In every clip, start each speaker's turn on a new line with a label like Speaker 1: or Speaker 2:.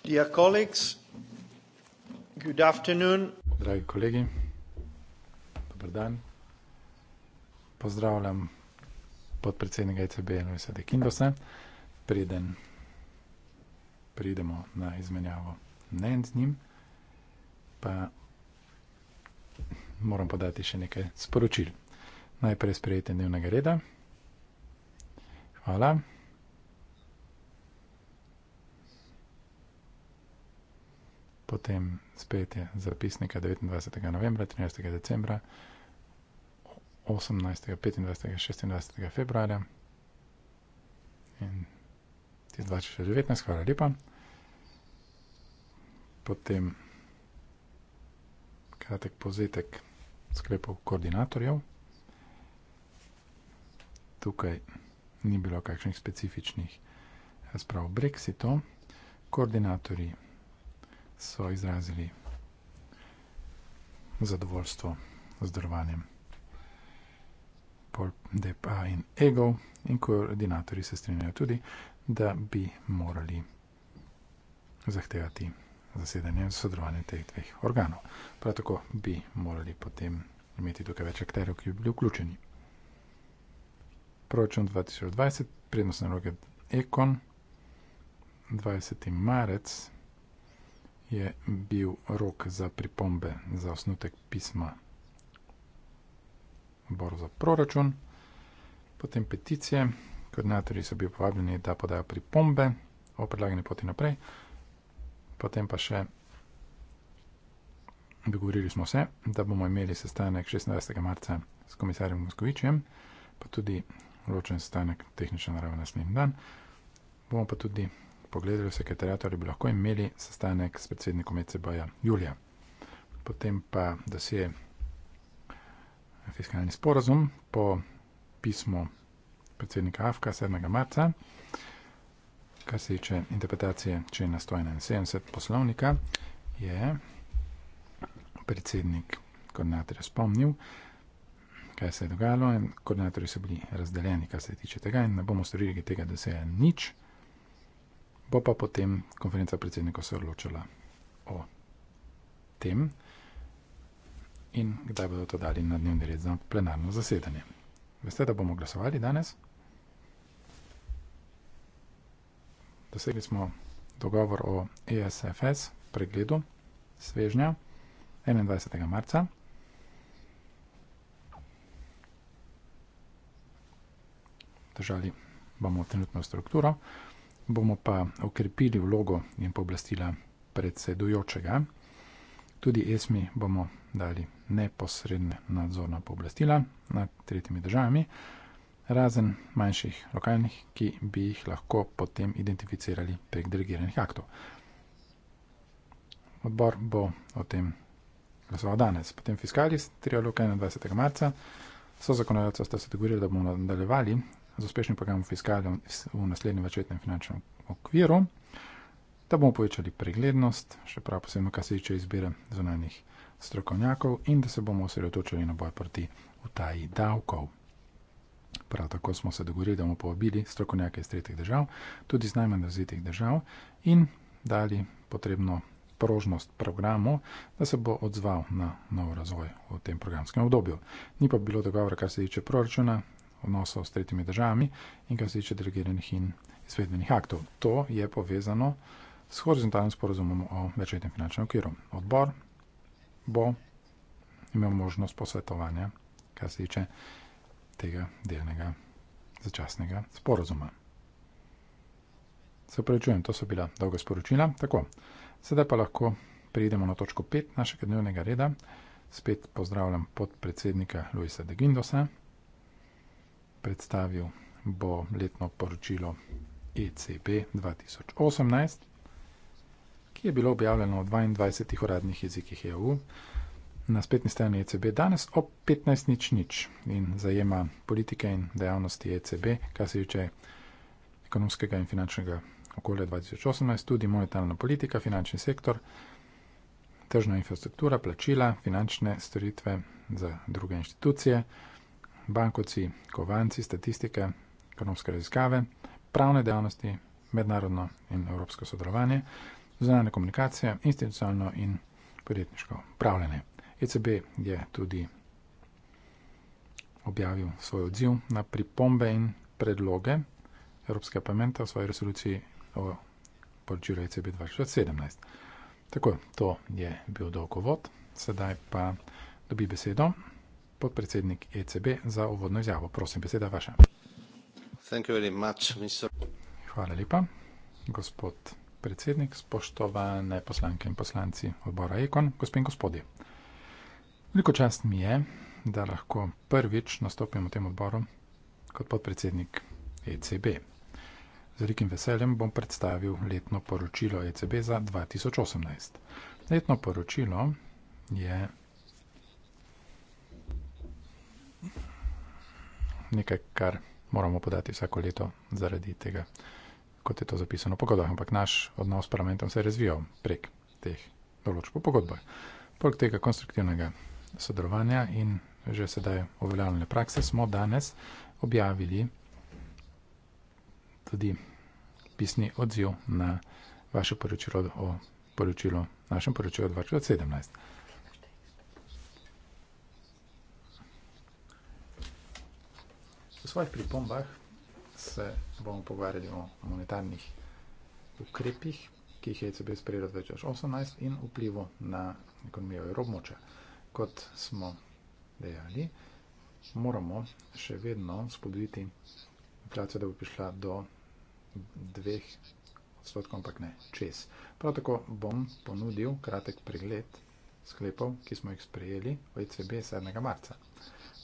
Speaker 1: Dear colleagues, good afternoon. Dragi kolegi, dobr dan. Pozdravljam podpredsednika ECB Luisa de Kindosa. Preden pridemo na izmenjavo mnen z njim, pa moram podati še nekaj sporočil. Najprej sprejete dnevnega reda. Hvala. potem spet je zapisnika 29. novembra, 13. decembra, 18., 25., 26. februarja in 2019, hvala lepa. Potem kratek pozetek sklepov koordinatorjev. Tukaj ni bilo kakšnih specifičnih razprav o Brexitu. Koordinatorji so izrazili zadovoljstvo z drvanjem. Pol Depa in Ego in koordinatori se strinjajo tudi, da bi morali zahtevati zasedanje in sodelovanje teh dveh organov. Prav tako bi morali potem imeti tukaj več akterjev, ki bi bili vključeni. Proračun 2020, prednostne roke Ekon, 20. marec 2020, je bil rok za pripombe za osnutek pisma Boru za proračun. Potem peticije, koordinatorji so bili povabljeni, da podajo pripombe o predlagani poti naprej. Potem pa še dogovorili smo se, da bomo imeli sestanek 16. marca s komisarjem Moskovičem, pa tudi ločen sestanek tehnične narave naslednji dan. Bomo pa tudi pogledali v sekretariat, ali bi lahko imeli sestanek s predsednikom ECB-ja Julija. Potem pa, da si je eh, fiskalni sporazum po pismu predsednika Afka 7. marca, kar se tiče interpretacije člena 171 poslovnika, je predsednik koordinatorja spomnil, kaj se je dogajalo in koordinatorji so bili razdeljeni, kar se tiče tega in ne bomo storili tega, da se je nič Bo pa potem konferenca predsednikov se odločila o tem in kdaj bodo to dali na dnevni red za plenarno zasedanje. Veste, da bomo glasovali danes? Dosegli smo dogovor o ESFS pregledu svežnja 21. marca. Držali bomo trenutno strukturo bomo pa okrepili vlogo in pooblastila predsedujočega. Tudi ESMI bomo dali neposredne nadzorna pooblastila nad tretjimi državami, razen manjših lokalnih, ki bi jih lahko potem identificirali prek delegiranih aktov. Odbor bo o tem glasoval danes. Potem fiskalist, trialog 21. marca, so zakonodajalce sta se dogovorili, da bomo nadaljevali z uspešnim programom fiskalja v naslednjem večletnem finančnem okviru, da bomo povečali preglednost, še prav posebno, kar se tiče izbire zunanjih strokovnjakov in da se bomo osredotočili na boj proti utaji davkov. Prav tako smo se dogovorili, da bomo povabili strokovnjake iz tretjih držav, tudi iz najmanj razvitih držav in dali potrebno prožnost programu, da se bo odzval na nov razvoj v tem programskem obdobju. Ni pa bilo dogovora, kar se tiče proračuna, odnosov s tretjimi državami in kar se tiče delegiranih in izvedbenih aktov. To je povezano s horizontalnim sporozumom o večletnem finančnem okviru. Odbor bo imel možnost posvetovanja, kar se tiče tega delnega začasnega sporozuma. Se prečujem, to so bila dolga sporočila. Tako, sedaj pa lahko prejdemo na točko 5 našega dnevnega reda. Spet pozdravljam podpredsednika Luisa de Gindosa predstavil bo letno poročilo ECB 2018, ki je bilo objavljeno v 22 uradnih jezikih EU na spletni strani ECB danes ob 15.00 in zajema politike in dejavnosti ECB, kar se tiče ekonomskega in finančnega okolja 2018, tudi monetarna politika, finančni sektor, tržna infrastruktura, plačila, finančne storitve za druge inštitucije bankovci, kovanci, statistika, ekonomske raziskave, pravne dejavnosti, mednarodno in evropsko sodelovanje, zunanje komunikacije, institucionalno in podjetniško upravljanje. ECB je tudi objavil svoj odziv na pripombe in predloge Evropskega parlamenta v svoji resoluciji o poročilu ECB 2017. Tako, to je bil dolgovod, sedaj pa dobi besedo podpredsednik ECB, za uvodno izjavo. Prosim, beseda vaša. Hvala lepa, gospod predsednik, spoštovane poslanke in poslanci odbora Ekon, gospe in gospodje. Veliko čast mi je, da lahko prvič nastopim v tem odboru kot podpredsednik ECB. Z velikim veseljem bom predstavil letno poročilo ECB za 2018. Letno poročilo je nekaj, kar moramo podati vsako leto zaradi tega, kot je to zapisano v pogodbah. Ampak naš odnos s parlamentom se je razvijal prek teh določb po pogodbah. Poleg tega konstruktivnega sodelovanja in že sedaj uveljavljene prakse smo danes objavili tudi pisni odziv na vaše poročilo o poročilu, našem poročilu 2017. svojih pripombah se bomo pogovarjali o monetarnih ukrepih, ki jih je ECB sprejel 2018 in vplivu na ekonomijo evrobmoča. Kot smo dejali, moramo še vedno spodbuditi inflacijo, da bo prišla do dveh odstotkov, ampak ne čez. Prav tako bom ponudil kratek pregled sklepov, ki smo jih sprejeli v ECB 7. marca.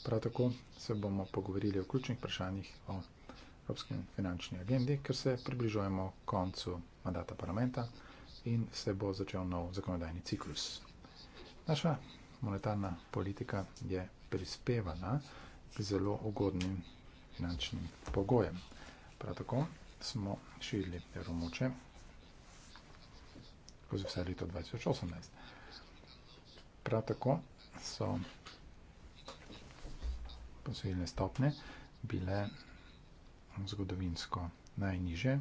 Speaker 1: Prav tako se bomo pogovorili o ključnih vprašanjih o Evropskem finančni agendi, ker se približujemo koncu mandata parlamenta in se bo začel nov zakonodajni ciklus. Naša monetarna politika je prispevala k zelo ugodnim finančnim pogojem. Prav tako smo širili evromoče skozi vse leto 2018. Prav tako so posebne stopne bile zgodovinsko najniže.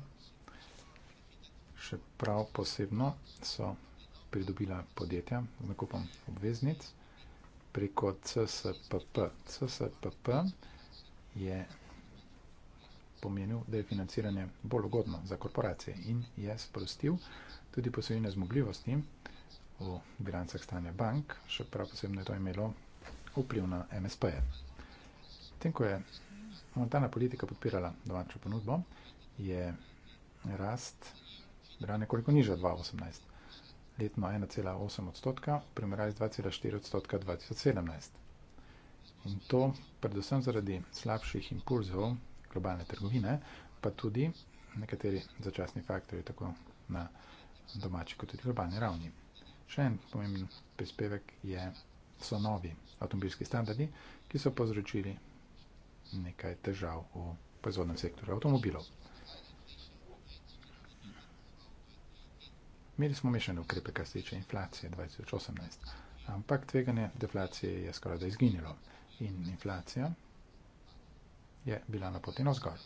Speaker 1: Še prav posebno so pridobila podjetja z nakupom obveznic preko CSPP. CSPP je pomenil, da je financiranje bolj ugodno za korporacije in je sprostil tudi posebne zmogljivosti v bilancah stanja bank, še prav posebno je to imelo vpliv na MSP-je. Medtem ko je monetarna politika podpirala domačo ponudbo, je rast bila nekoliko nižja 2018. Letno 1,8 odstotka, primerjali z 2,4 odstotka 2017. In to predvsem zaradi slabših impulzov globalne trgovine, pa tudi nekateri začasni faktori tako na domači kot tudi globalni ravni. Še en pomemben prispevek je, so novi avtomobilski standardi, ki so povzročili nekaj težav v proizvodnem sektorju avtomobilov. Imeli smo mešane ukrepe, kar se tiče inflacije 2018, ampak tveganje deflacije je skoraj da izginilo in inflacija je bila na poti navzgor.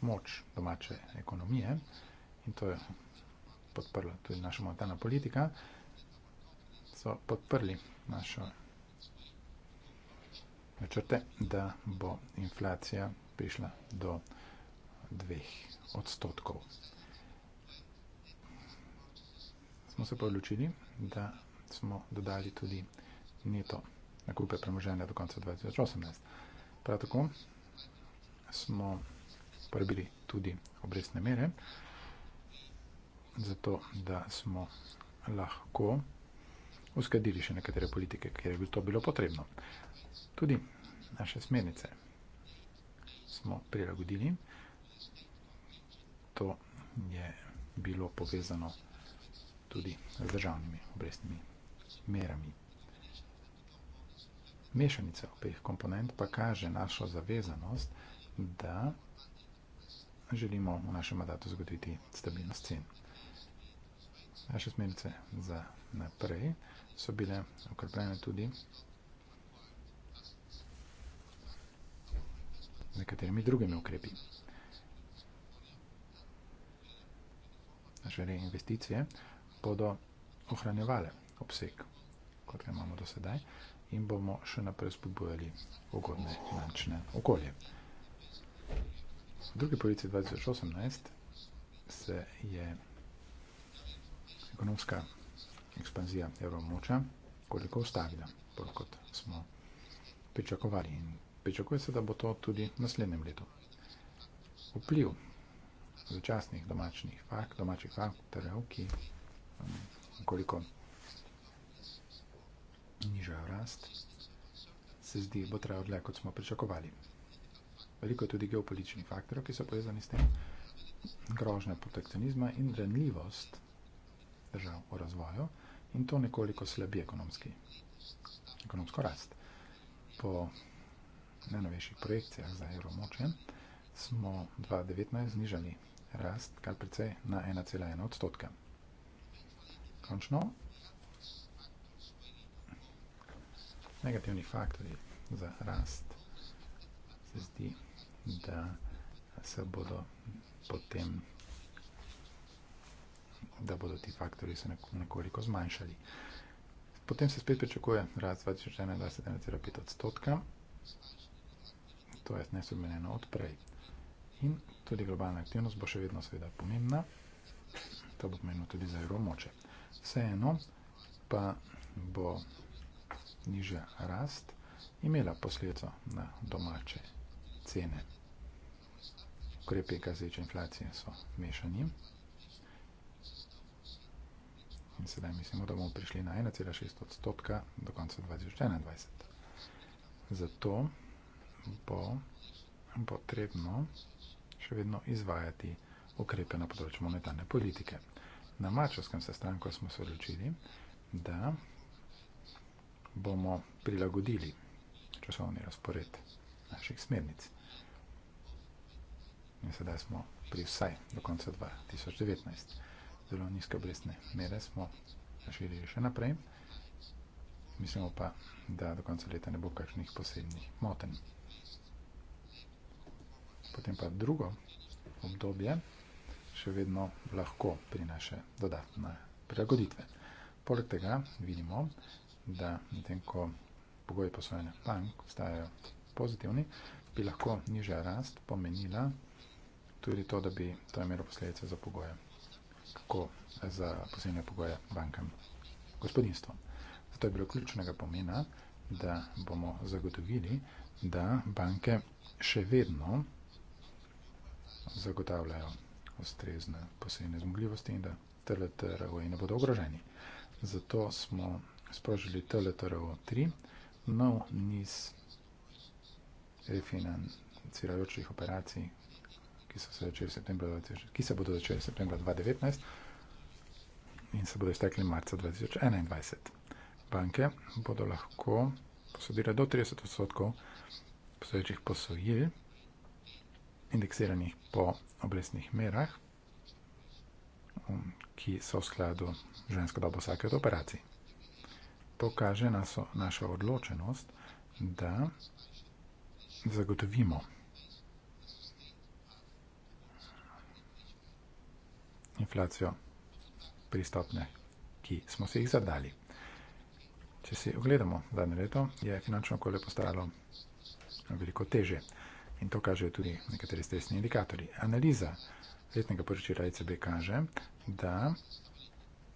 Speaker 1: Moč domače ekonomije in to je podprla tudi naša monetarna politika, so podprli našo načrte, da bo inflacija prišla do 2 odstotkov. Smo se pa odločili, da smo dodali tudi neto nakupe premoženja do konca 2018. Prav tako smo porabili tudi obrestne mere, zato da smo lahko uskladili še nekatere politike, kjer je bilo to bilo potrebno. Tudi naše smernice smo prilagodili. To je bilo povezano tudi z državnimi obrestnimi merami. Mešanica obeh komponent pa kaže našo zavezanost, da želimo v našem mandatu zagotoviti stabilnost cen. Naše smernice za naprej so bile okrepljene tudi nekaterimi drugimi ukrepi. Naše reinvesticije bodo ohranjevale obseg, kot ga imamo do sedaj, in bomo še naprej spodbojali ugodne finančne okolje. V drugi polici 2018 se je nekaj ekonomska ekspanzija evromoča koliko ustavila, kot smo pričakovali. In pričakuje se, da bo to tudi v naslednjem letu. Vpliv začasnih domačnih fakt, domačih faktorjev, ki um, koliko nižajo rast, se zdi, bo trajal dlje, kot smo pričakovali. Veliko je tudi geopolitičnih faktorjev, ki so povezani s tem, grožnja protekcionizma in ranljivost držav v razvoju in to nekoliko slabi ekonomski, ekonomsko rast. Po najnovejših projekcijah za evromoče smo 2019 znižali rast kar precej na 1,1 odstotka. Končno, negativni faktori za rast se zdi, da se bodo potem da bodo ti faktori se nekoliko zmanjšali. Potem se spet pričakuje rast 2021,5 odstotka, to je nesubmenjeno od prej. In tudi globalna aktivnost bo še vedno seveda pomembna, to bo pomenilo tudi za evro moče. Vseeno pa bo nižja rast imela posledco na domače cene. Ukrepe, kar se tiče inflacije, so mešani in sedaj mislimo, da bomo prišli na 1,6 odstotka do konca 2021. Zato bo potrebno še vedno izvajati ukrepe na področju monetarne politike. Na mačovskem sestanku smo se odločili, da bomo prilagodili časovni razpored naših smernic. In sedaj smo pri vsaj do konca 2019 zelo nizke obrestne mere smo širili še naprej. Mislimo pa, da do konca leta ne bo kakšnih posebnih motenj. Potem pa drugo obdobje še vedno lahko prinaše dodatne prilagoditve. Poleg tega vidimo, da medtem ko pogoji poslovanja bank ostajajo pozitivni, bi lahko nižja rast pomenila tudi to, da bi to imelo posledice za pogoje kako za posebne pogoje bankam, gospodinstvom. Zato je bilo ključnega pomena, da bomo zagotovili, da banke še vedno zagotavljajo ustrezne posebne zmogljivosti in da TLTRO ne bodo ogroženi. Zato smo sprožili TLTRO 3, nov niz refinancirajočih operacij, ki so se začeli v septembru, ki se bodo začeli v septembru 2019 in se bodo iztekli marca 2021. Banke bodo lahko posodile do 30 odstotkov posojočih posojil, indeksiranih po obrestnih merah, um, ki so v skladu žensko dobo vsake od operacij. To kaže naso, našo odločenost, da zagotovimo inflacijo pristopne, ki smo se jih zadali. Če si ogledamo zadnje leto, je finančno okolje postalo veliko teže in to kažejo tudi nekateri stresni indikatorji. Analiza letnega poročila ECB kaže, da,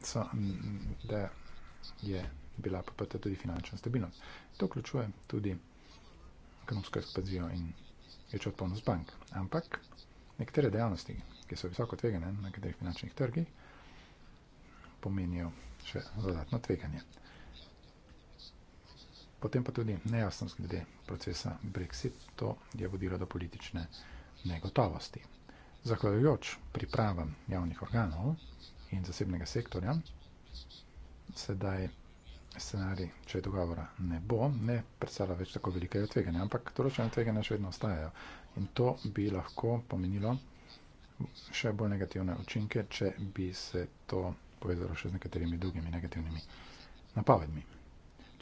Speaker 1: so, da je bila podprta tudi finančna stabilnost. To vključuje tudi ekonomsko ekspanzijo in večjo odpornost bank. Ampak nekatere dejavnosti, ki so visoko tvegane na nekaterih finančnih trgih, pomenijo še dodatno tveganje. Potem pa tudi nejasnost glede procesa Brexit, to je vodilo do politične negotovosti. Zahvaljujoč pripravam javnih organov in zasebnega sektorja, sedaj scenarij, če dogovora ne bo, ne predstavlja več tako velikega tveganja, ampak določene tveganja še vedno ostajajo. In to bi lahko pomenilo še bolj negativne učinke, če bi se to povezalo še z nekaterimi drugimi negativnimi napovedmi.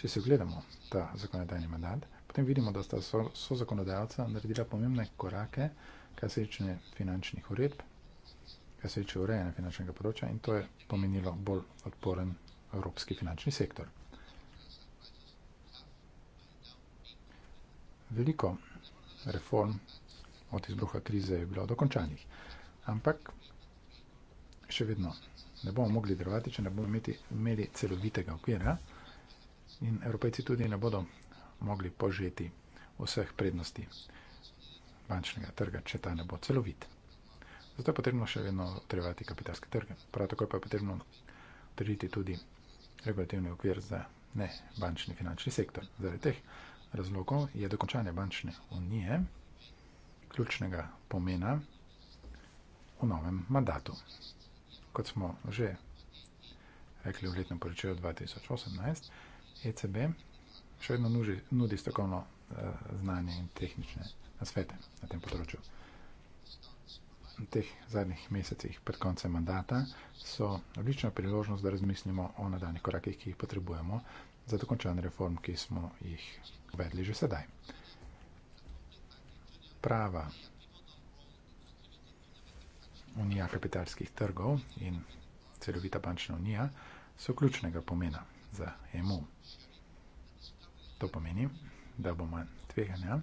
Speaker 1: Če si ogledamo ta zakonodajni mandat, potem vidimo, da sta so, so zakonodajalca naredila pomembne korake, kar se reče finančnih uredb, kar se reče urejanja finančnega področja in to je pomenilo bolj odporen evropski finančni sektor. Veliko reform od izbruha krize je bilo dokončanih ampak še vedno ne bomo mogli delovati, če ne bomo imeti, imeli celovitega okvira in evropejci tudi ne bodo mogli požeti vseh prednosti bančnega trga, če ta ne bo celovit. Zato je potrebno še vedno utrjevati kapitalske trge. Prav tako je pa potrebno utrjiti tudi regulativni okvir za ne bančni finančni sektor. Zaradi teh razlogov je dokončanje bančne unije ključnega pomena v novem mandatu. Kot smo že rekli v letnem poročilu 2018, ECB še vedno nuži, nudi strokovno uh, znanje in tehnične nasvete na tem področju. V teh zadnjih mesecih pred koncem mandata so odlična priložnost, da razmislimo o nadaljnih korakih, ki jih potrebujemo za dokončanje reform, ki smo jih uvedli že sedaj. Prava Unija kapitalskih trgov in celovita bančna unija so ključnega pomena za EMU. To pomeni, da bomo tveganja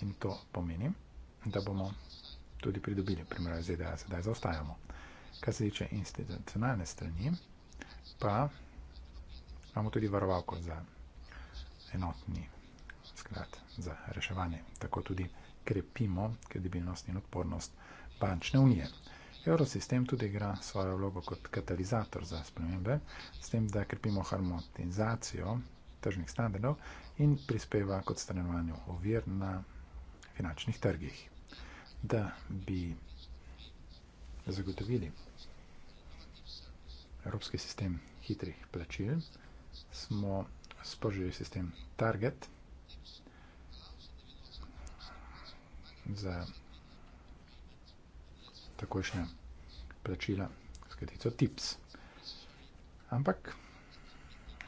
Speaker 1: in to pomeni, da bomo tudi pridobili primerjave ZDA, e sedaj zaostajamo. Kar se tiče institucionalne strani, pa imamo tudi varovalko za enotni sklad za reševanje. Tako tudi krepimo kredibilnost in odpornost bančne unije. Eurosistem tudi igra svojo vlogo kot katalizator za spremembe, s tem, da krepimo harmonizacijo tržnih standardov in prispeva k odstranjevanju ovir na finančnih trgih. Da bi zagotovili evropski sistem hitrih plačil, smo sprožili sistem Target za takošnja plačila s kratico TIPS. Ampak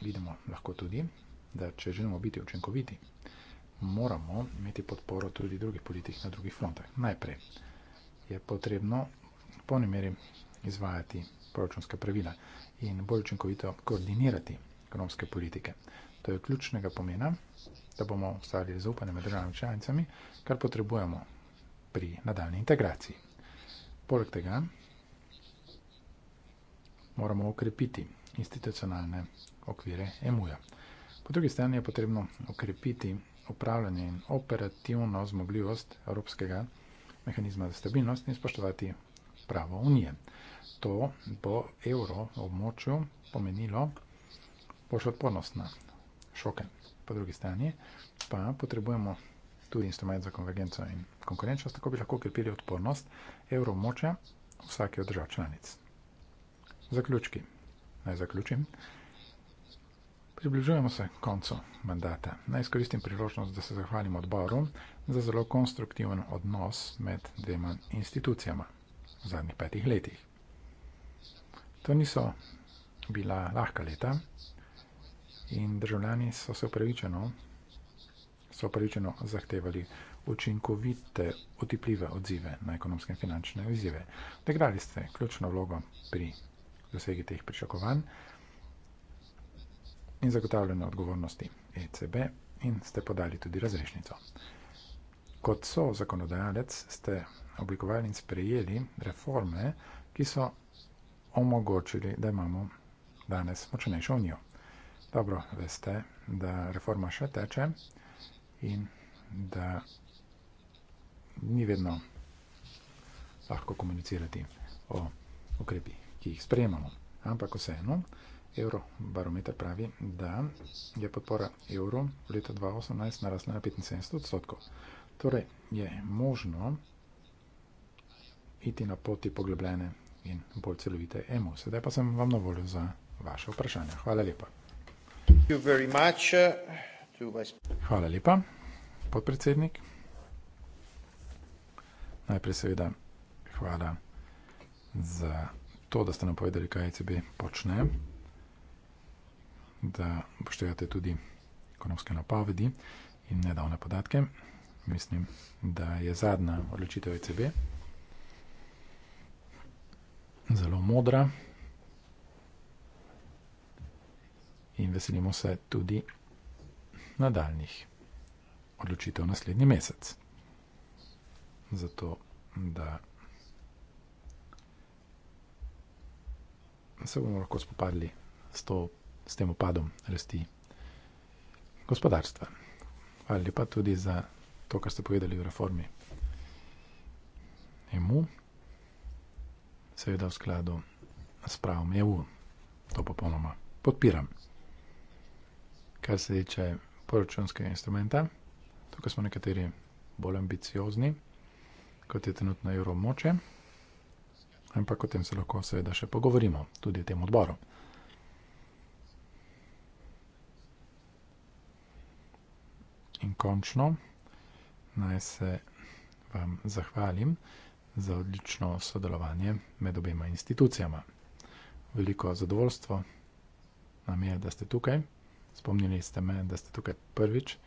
Speaker 1: vidimo lahko tudi, da če želimo biti učinkoviti, moramo imeti podporo tudi drugih politik na drugih frontah. Najprej je potrebno v polni meri izvajati proračunske pravila in bolj učinkovito koordinirati ekonomske politike. To je ključnega pomena, da bomo ustvarili zaupanje med državami članicami, kar potrebujemo pri nadaljni integraciji. Poleg tega moramo okrepiti institucionalne okvire EMU-ja. Po drugi strani je potrebno okrepiti upravljanje in operativno zmogljivost Evropskega mehanizma za stabilnost in spoštovati pravo Unije. To bo evro v območju pomenilo boljšo odpornost na šoke. Po drugi strani pa potrebujemo tudi instrument za konvergenco in konkurenčnost, tako bi lahko krepili odpornost evromoče vsake od držav članic. Zaključki. Naj zaključim. Približujemo se koncu mandata. Naj izkoristim priložnost, da se zahvalim odboru za zelo konstruktiven odnos med dvema institucijama v zadnjih petih letih. To niso bila lahka leta in državljani so se upravičeno, so upravičeno zahtevali odboru učinkovite, otipljive odzive na ekonomske in finančne izzive. Odigrali ste ključno vlogo pri dosegi teh pričakovanj in zagotavljanju odgovornosti ECB in ste podali tudi razrešnico. Kot so zakonodajalec ste oblikovali in sprejeli reforme, ki so omogočili, da imamo danes močnejšo unijo. Dobro veste, da reforma še teče in da ni vedno lahko komunicirati o ukrepih, ki jih sprejemamo. Ampak vseeno, Eurobarometer pravi, da je podpora evru v letu 2018 narasla na 75 odstotkov. Torej je možno iti na poti poglobljene in bolj celovite EMU. Sedaj pa sem vam na voljo za vaše vprašanje. Hvala lepa. Uh, Hvala lepa, podpredsednik. Najprej seveda hvala za to, da ste nam povedali, kaj ECB počne, da poštevate tudi ekonomske napovedi in nedavne podatke. Mislim, da je zadnja odločitev ECB zelo modra in veselimo se tudi nadaljnih odločitev naslednji mesec zato da se bomo lahko spopadli s, to, s tem upadom rasti gospodarstva. Hvala lepa tudi za to, kar ste povedali v reformi EMU, seveda v skladu s pravom EU, to popolnoma podpiram. Kar se tiče poročunskega instrumenta, tukaj smo nekateri bolj ambiciozni kot je trenutno evro moče. Ampak o tem se lahko seveda še pogovorimo, tudi o tem odboru. In končno naj se vam zahvalim za odlično sodelovanje med obema institucijama. Veliko zadovoljstvo nam je, da ste tukaj. Spomnili ste me, da ste tukaj prvič.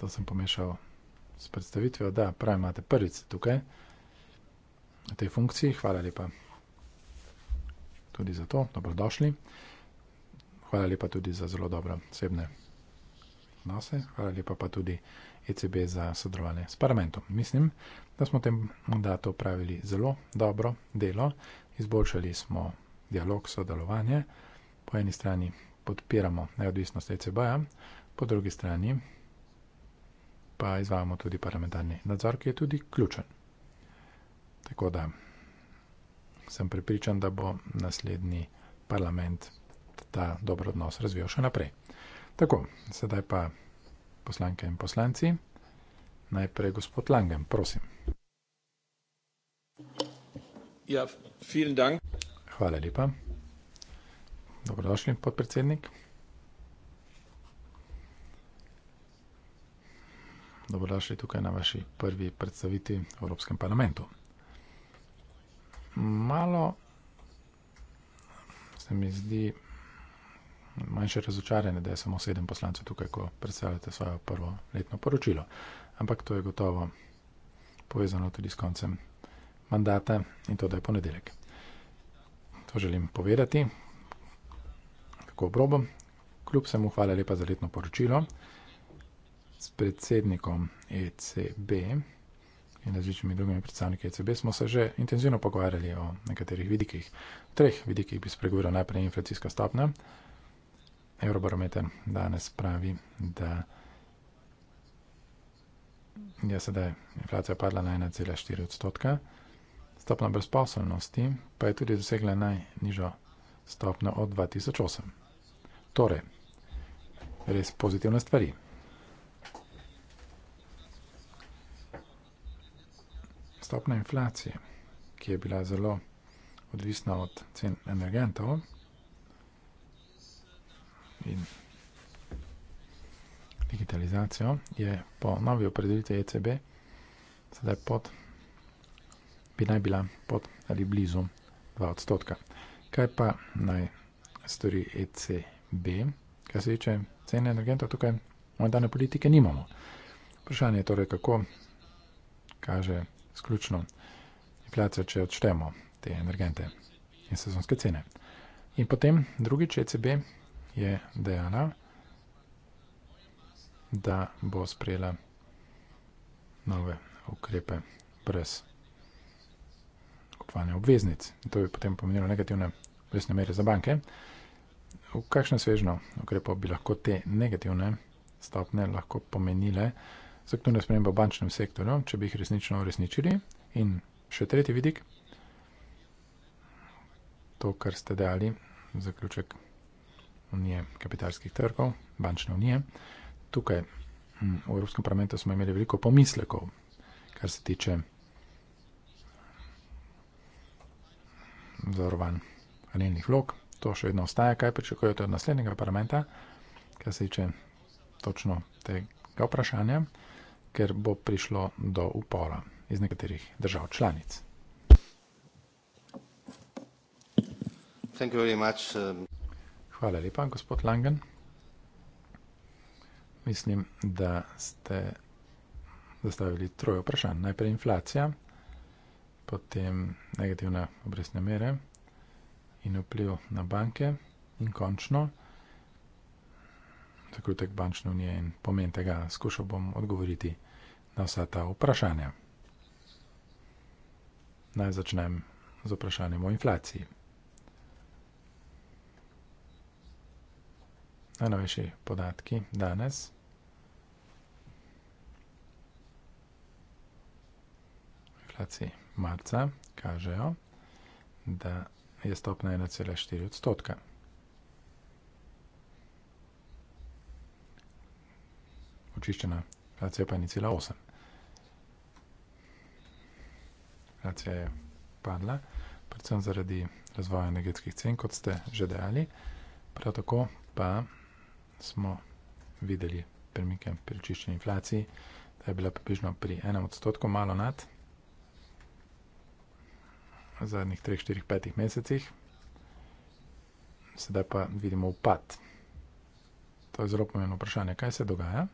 Speaker 1: To sem pomešal s predstavitvijo, da pravi, imate prvič tukaj na tej funkciji. Hvala lepa tudi za to, dobrodošli. Hvala lepa tudi za zelo dobro osebne odnose. Hvala lepa pa tudi ECB za sodelovanje s parlamentom. Mislim, da smo v tem mandatu opravili zelo dobro delo, izboljšali smo dialog, sodelovanje. Po eni strani podpiramo neodvisnost ECB-ja, po drugi strani pa izvajamo tudi parlamentarni nadzor, ki je tudi ključen. Tako da sem pripričan, da bo naslednji parlament ta dober odnos razvijal še naprej. Tako, sedaj pa poslanke in poslanci. Najprej gospod Langen, prosim. Ja, Hvala lepa. Dobrodošli, podpredsednik. dobrodošli tukaj na vaši prvi predstaviti v Evropskem parlamentu. Malo se mi zdi manjše razočarjanje, da je samo sedem poslancev tukaj, ko predstavljate svojo prvo letno poročilo. Ampak to je gotovo povezano tudi s koncem mandata in to, da je ponedeljek. To želim povedati, kako obrobo. Kljub sem mu hvala lepa za letno poročilo s predsednikom ECB in različnimi drugimi predstavniki ECB smo se že intenzivno pogovarjali o nekaterih vidikih. V treh vidikih bi spregovoril najprej inflacijska stopnja. Eurobarometer danes pravi, da je sedaj inflacija padla na 1,4 odstotka. Stopna brezposobnosti pa je tudi dosegla najnižjo stopnjo od 2008. Torej, res pozitivne stvari. stopna inflacije, ki je bila zelo odvisna od cen energentov in digitalizacijo, je po novi opredelitvi ECB sedaj pod, bi naj bila pod ali blizu 2 odstotka. Kaj pa naj stori ECB, kar se tiče cen energentov, tukaj monetarne politike nimamo. Vprašanje je torej, kako kaže sključno inflacijo, če odštemo te energente in sezonske cene. In potem drugič ECB je dejala, da bo sprejela nove ukrepe brez kupovanja obveznic. In to bi potem pomenilo negativne obvezne mere za banke. V kakšno svežno ukrepo bi lahko te negativne stopne lahko pomenile? strukturne spremembe v bančnem sektorju, če bi jih resnično uresničili. In še tretji vidik, to, kar ste dejali, zaključek unije kapitalskih trgov, bančne unije. Tukaj hm, v Evropskem parlamentu smo imeli veliko pomislekov, kar se tiče zavarovan renjenih vlog. To še vedno ostaja, kaj pričakujete od naslednjega parlamenta, kar se tiče točno tega vprašanja ker bo prišlo do upora iz nekaterih držav članic.
Speaker 2: Uh,
Speaker 1: Hvala lepa, gospod Langen. Mislim, da ste zastavili troje vprašanj. Najprej inflacija, potem negativne obrestne mere in vpliv na banke in končno zakrutek bančne unije in pomen tega. Skušal bom odgovoriti vprašanj na vsa ta vprašanja. Naj začnem z vprašanjem o inflaciji. Najnovejši podatki danes. Inflacija marca kažejo, da je stopna 1,4 odstotka. Očiščena inflacija pa je 1,8. inflacija je padla, predvsem zaradi razvoja energetskih cen, kot ste že dejali. Prav tako pa smo videli premike pri očiščeni inflaciji, da je bila približno pri enem odstotku malo nad v zadnjih 3-4-5 mesecih. Sedaj pa vidimo upad. To je zelo pomembno vprašanje, kaj se dogaja.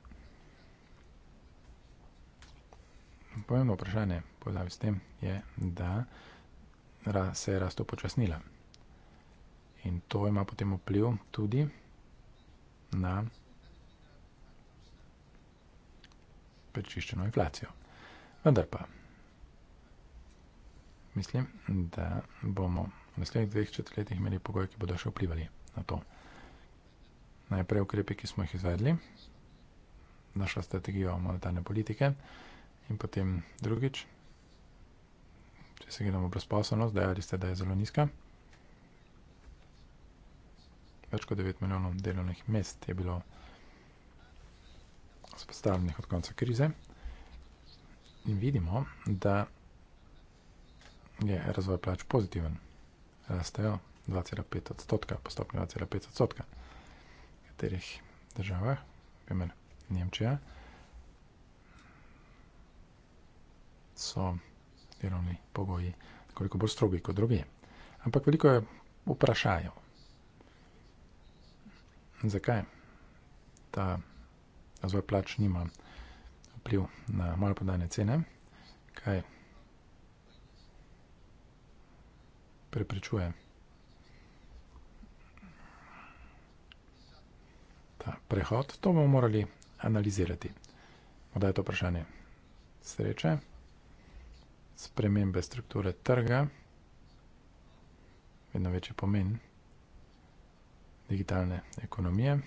Speaker 1: Pojemno vprašanje, povezavi s tem, je, da se je rast upočasnila. In to ima potem vpliv tudi na prečiščeno inflacijo. Vendar pa, mislim, da bomo v naslednjih dveh četrletih imeli pogoje, ki bodo še vplivali na to. Najprej ukrepi, ki smo jih izvedli, našo strategijo monetarne politike, in in potem drugič, če se gledamo brezposobnost, dejali ste, da je zelo nizka. Več kot 9 milijonov delovnih mest je bilo spostavljenih od konca krize. In vidimo, da je razvoj plač pozitiven. Rastejo 2,5 odstotka, postopne 2,5 odstotka. V katerih državah, v imen Nemčija, so delovni pogoji nekoliko bolj strogi kot druge. Ampak veliko je vprašanje. Zakaj ta razvoj plač nima vpliv na malo podane cene? Kaj preprečuje ta prehod? To bomo morali analizirati. Morda je to vprašanje sreče spremembe strukture trga, vedno večji pomen digitalne ekonomije,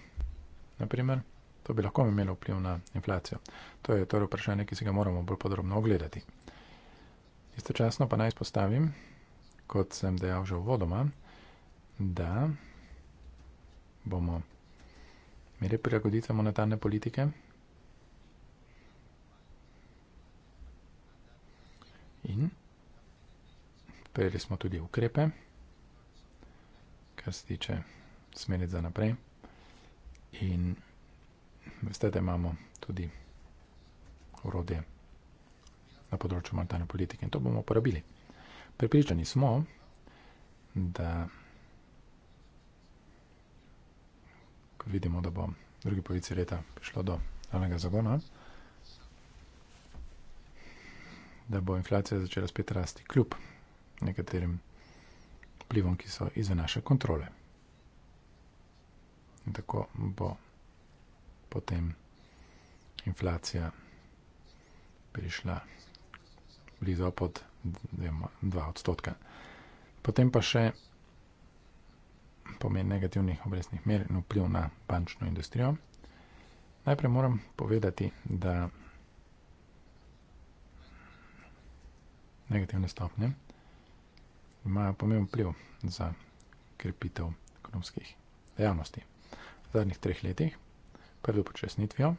Speaker 1: naprimer, to bi lahko imelo vpliv na inflacijo. To je torej vprašanje, ki si ga moramo bolj podrobno ogledati. Istočasno pa naj izpostavim, kot sem dejal že uvodoma, da bomo imeli prilagoditve monetarne politike, in prejeli smo tudi ukrepe, kar se tiče smeriti za naprej. In veste, da imamo tudi urode na področju monetarne politike in to bomo uporabili. Pripričani smo, da vidimo, da bo v drugi polici leta prišlo do enega zagona, da bo inflacija začela spet rasti, kljub nekaterim vplivom, ki so izven naše kontrole. In tako bo potem inflacija prišla blizu pod 2 odstotka. Potem pa še pomen negativnih obrestnih mer in vpliv na bančno industrijo. Najprej moram povedati, da negativne stopnje, imajo pomemben pliv za krepitev ekonomskih dejavnosti. V zadnjih treh letih, prvi upočasnitvijo,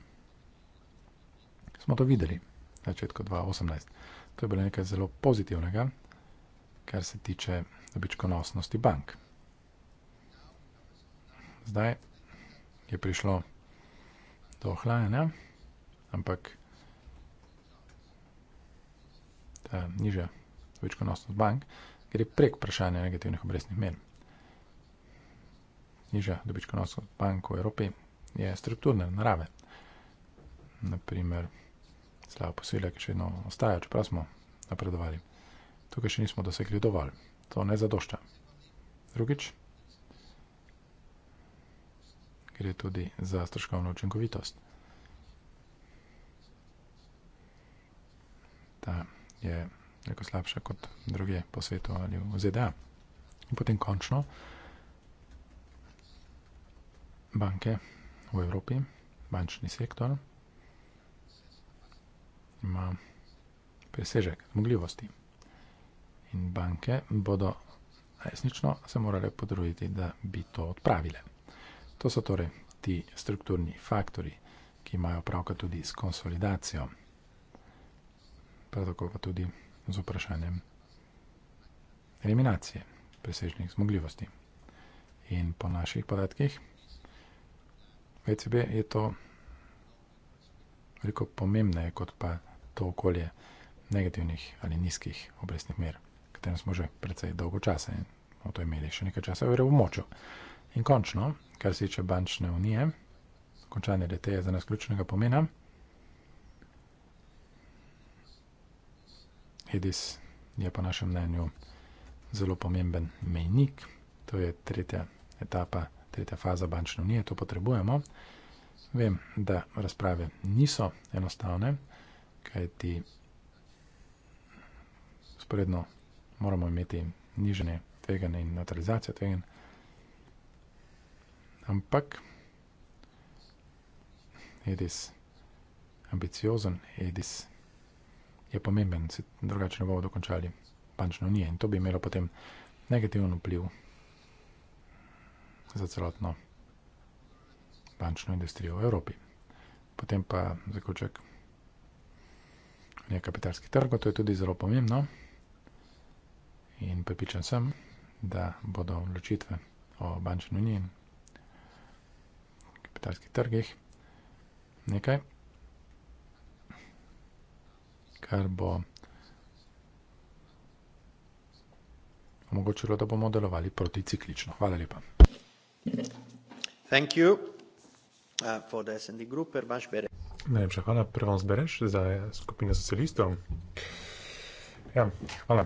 Speaker 1: smo to videli na začetku 2018. To je bilo nekaj zelo pozitivnega, kar se tiče dobičkonosnosti bank. Zdaj je prišlo do ohlajanja, ampak Eh, nižja večkonosnost bank, gre prek vprašanja negativnih obrestnih mer. Nižja dobičkonosnost bank v Evropi je strukturne narave. Naprimer, slaba posilja, ki še vedno ostaja, čeprav smo napredovali. Tukaj še nismo dosegli dovolj. To ne zadošča. Drugič, gre tudi za stroškovno učinkovitost. Da je nekako slabša kot druge po svetu ali v ZDA. In potem končno banke v Evropi, bančni sektor ima presežek zmogljivosti. In banke bodo resnično se morale podrojiti, da bi to odpravile. To so torej ti strukturni faktori, ki imajo pravka tudi s konsolidacijo prav tako pa tudi z vprašanjem eliminacije presežnih zmogljivosti. In po naših podatkih, VCB je to veliko pomembneje kot pa to okolje negativnih ali nizkih obrestnih mer, katerem smo že precej dolgo časa in o to imeli še nekaj časa v močo. In končno, kar se tiče bančne unije, končanje DT je za nas ključnega pomena, Edis je po našem mnenju zelo pomemben mejnik, to je tretja etapa, tretja faza bančne unije, to potrebujemo. Vem, da razprave niso enostavne, kajti sporedno moramo imeti nižene tvegane in neutralizacijo tvegan. Ampak Edis ambiciozen, Edis ambiciozen je pomemben, drugače ne bomo dokončali. Pančno ni in to bi imelo potem negativen vpliv za celotno pančno industrijo v Evropi. Potem pa zaključek je kapitalski trg, to je tudi zelo pomembno in pripičan sem, da bodo odločitve o bančni uniji kapitalskih trgih nekaj, kar bo omogočilo, da bomo delovali proticiklično. Hvala lepa.
Speaker 2: Thank you. Uh,
Speaker 1: Najlepša hvala, Prvons Bereš, za
Speaker 3: skupino socialistov. Ja, hvala.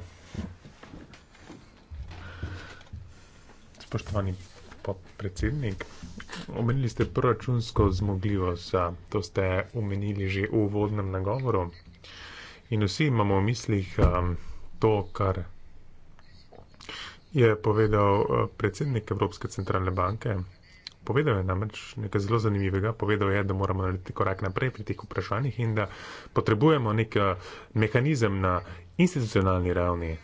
Speaker 3: Spoštovani podpredsednik, omenili ste proračunsko zmogljivost, to ste omenili že v uvodnem nagovoru. In vsi imamo v mislih um, to, kar je povedal uh, predsednik Evropske centralne banke. Povedal je namreč nekaj zelo zanimivega. Povedal je, da moramo narediti korak naprej pri teh vprašanjih in da potrebujemo nek uh, mehanizem na institucionalni ravni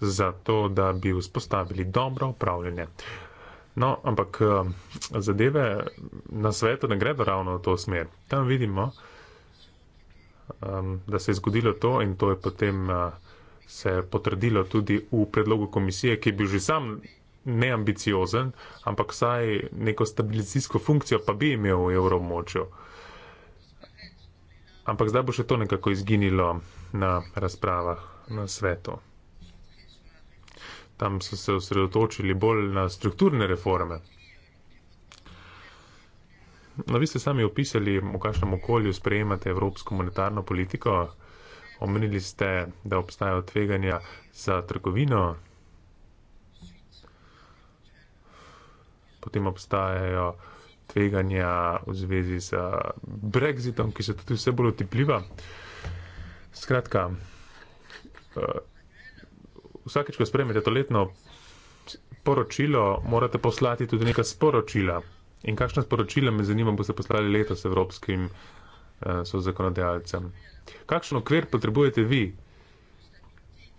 Speaker 3: za to, da bi vzpostavili dobro upravljanje. No, ampak um, zadeve na svetu ne gredo ravno v to smer. Tam vidimo, um, da se je zgodilo to in to je potem uh, se potrdilo tudi v predlogu komisije, ki je bil že sam neambiciozen, ampak saj neko stabilizijsko funkcijo pa bi imel v evromočju. Ampak zdaj bo še to nekako izginilo na razpravah na svetu. Tam so se osredotočili bolj na strukturne reforme. No, vi ste sami opisali, v kakšnem okolju sprejemate evropsko monetarno politiko. Omenili ste, da obstajajo tveganja za trgovino, potem obstajajo tveganja v zvezi z eh, Brexitom, ki so tudi vse bolj otipljiva. Skratka, eh, vsakeč, ko sprejmete to letno poročilo, morate poslati tudi nekaj sporočila. In kakšna sporočila me zanima, boste poslali letos evropskim uh, sozakonodajalcem? Kakšen okvir potrebujete vi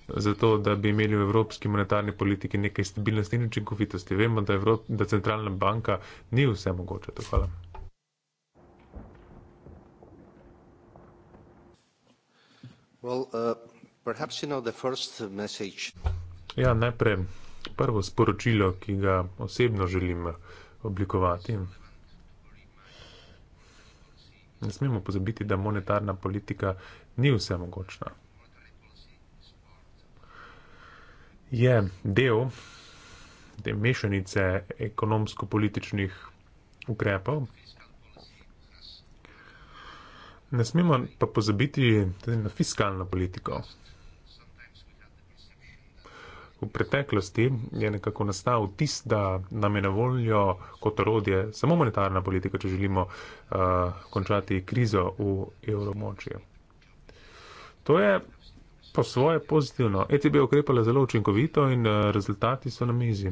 Speaker 3: za to, da bi imeli v evropski monetarni politiki nekaj stabilnosti in učinkovitosti? Vemo, da, Evrop, da centralna banka ni vse mogoče. To, hvala.
Speaker 2: Well, uh, you know
Speaker 3: ja, najprej prvo sporočilo, ki ga osebno želim. Uh, oblikovati. Ne smemo pozabiti, da monetarna politika ni vse mogočna. Je del te mešanice ekonomsko-političnih ukrepov. Ne smemo pa pozabiti tudi na fiskalno politiko v preteklosti je nekako nastal vtis, da nam je na voljo kot orodje samo monetarna politika, če želimo uh, končati krizo v evromočju. To je po svoje pozitivno. ECB je ukrepala zelo učinkovito in uh, rezultati so na mizi.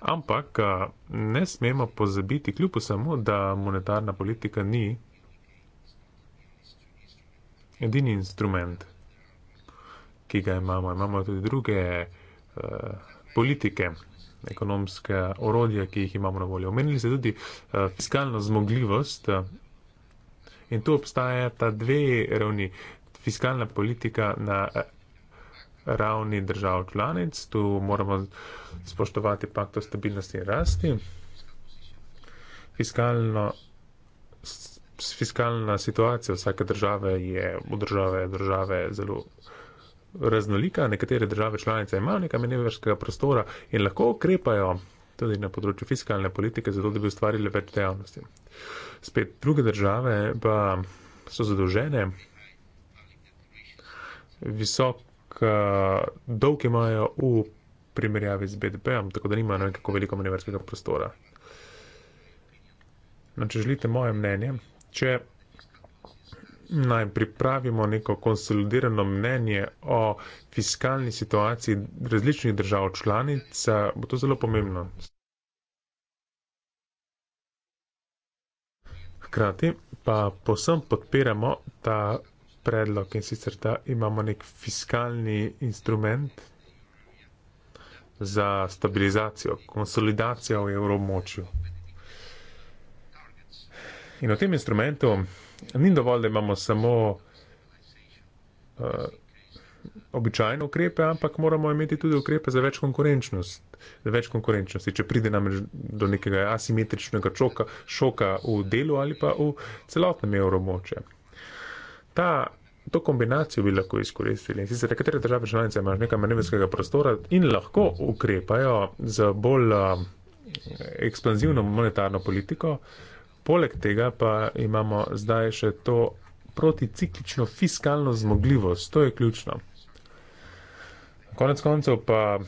Speaker 3: Ampak uh, ne smemo pozabiti kljub vsemu, da monetarna politika ni edini instrument ki ga imamo. Imamo tudi druge uh, politike, ekonomske orodja, ki jih imamo na voljo. Omenili ste tudi uh, fiskalno zmogljivost uh, in tu obstaja ta dve ravni. Fiskalna politika na ravni držav članic, tu moramo spoštovati pakt o stabilnosti in rasti. Fiskalno, fiskalna situacija vsake države je v države, države zelo raznolika, nekatere države članice imajo nekaj manevrskega prostora in lahko ukrepajo tudi na področju fiskalne politike, zato da bi ustvarili več dejavnosti. Spet druge države pa so zadolžene, visok dolg imajo v primerjavi z BDP, tako da nimajo nekako veliko manevrskega prostora. No, če želite moje mnenje, če naj pripravimo neko konsolidirano mnenje o fiskalni situaciji različnih držav članic, bo to zelo pomembno. Hkrati pa posem podpiramo ta predlog in sicer, da imamo nek fiskalni instrument za stabilizacijo, konsolidacijo v evromočju. In o tem instrumentu Ni dovolj, da imamo samo uh, običajne ukrepe, ampak moramo imeti tudi ukrepe za več, konkurenčnost, za več konkurenčnosti. Če pride nam do nekega asimetričnega čoka, šoka v delu ali pa v celotnem evromoče. Ta, to kombinacijo bi lahko izkoristili. In sicer nekatere države članice imajo nekaj manevrskega prostora in lahko ukrepajo z bolj uh, ekspanzivno monetarno politiko. Uh, poleg tega pa imamo zdaj še to proticiklično fiskalno zmogljivost. To je ključno. Konec koncev pa eh,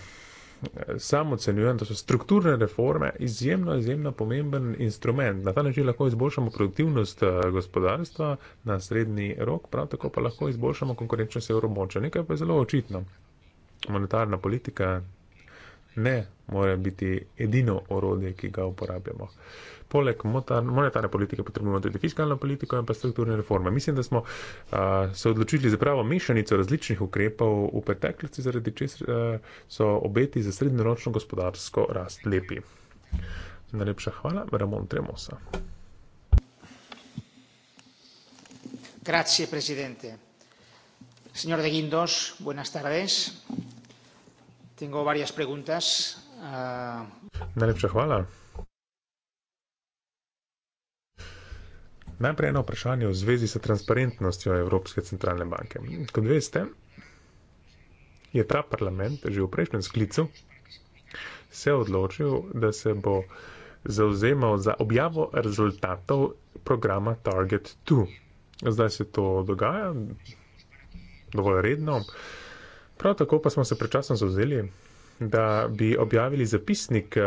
Speaker 3: samo ocenjujem, da so strukturne reforme izjemno, izjemno pomemben instrument. Na ta način lahko izboljšamo produktivnost eh, gospodarstva na srednji rok, prav tako pa lahko izboljšamo konkurenčnost evromoča. Nekaj pa je zelo očitno. Monetarna politika ne more biti edino orodje, ki ga uporabljamo. Uh, poleg monetarne politike potrebujemo tudi fiskalno politiko in pa strukturne reforme. Mislim, da smo uh, se odločili za pravo mešanico različnih ukrepov v preteklosti, zaradi česar uh, so obeti za srednjeročno gospodarsko rast lepi. Najlepša hvala, Ramon Tremosa.
Speaker 2: Grazie, presidente. Signor De Guindos, buenas tardes. Tengo varias preguntas. Uh...
Speaker 3: Najlepša hvala. Najprej eno vprašanje v zvezi s transparentnostjo Evropske centralne banke. Kot veste, je ta parlament že v prejšnjem sklicu se odločil, da se bo zauzemal za objavo rezultatov programa Target 2. Zdaj se to dogaja dovolj redno. Prav tako pa smo se prečasno zauzeli, da bi objavili zapisnik eh,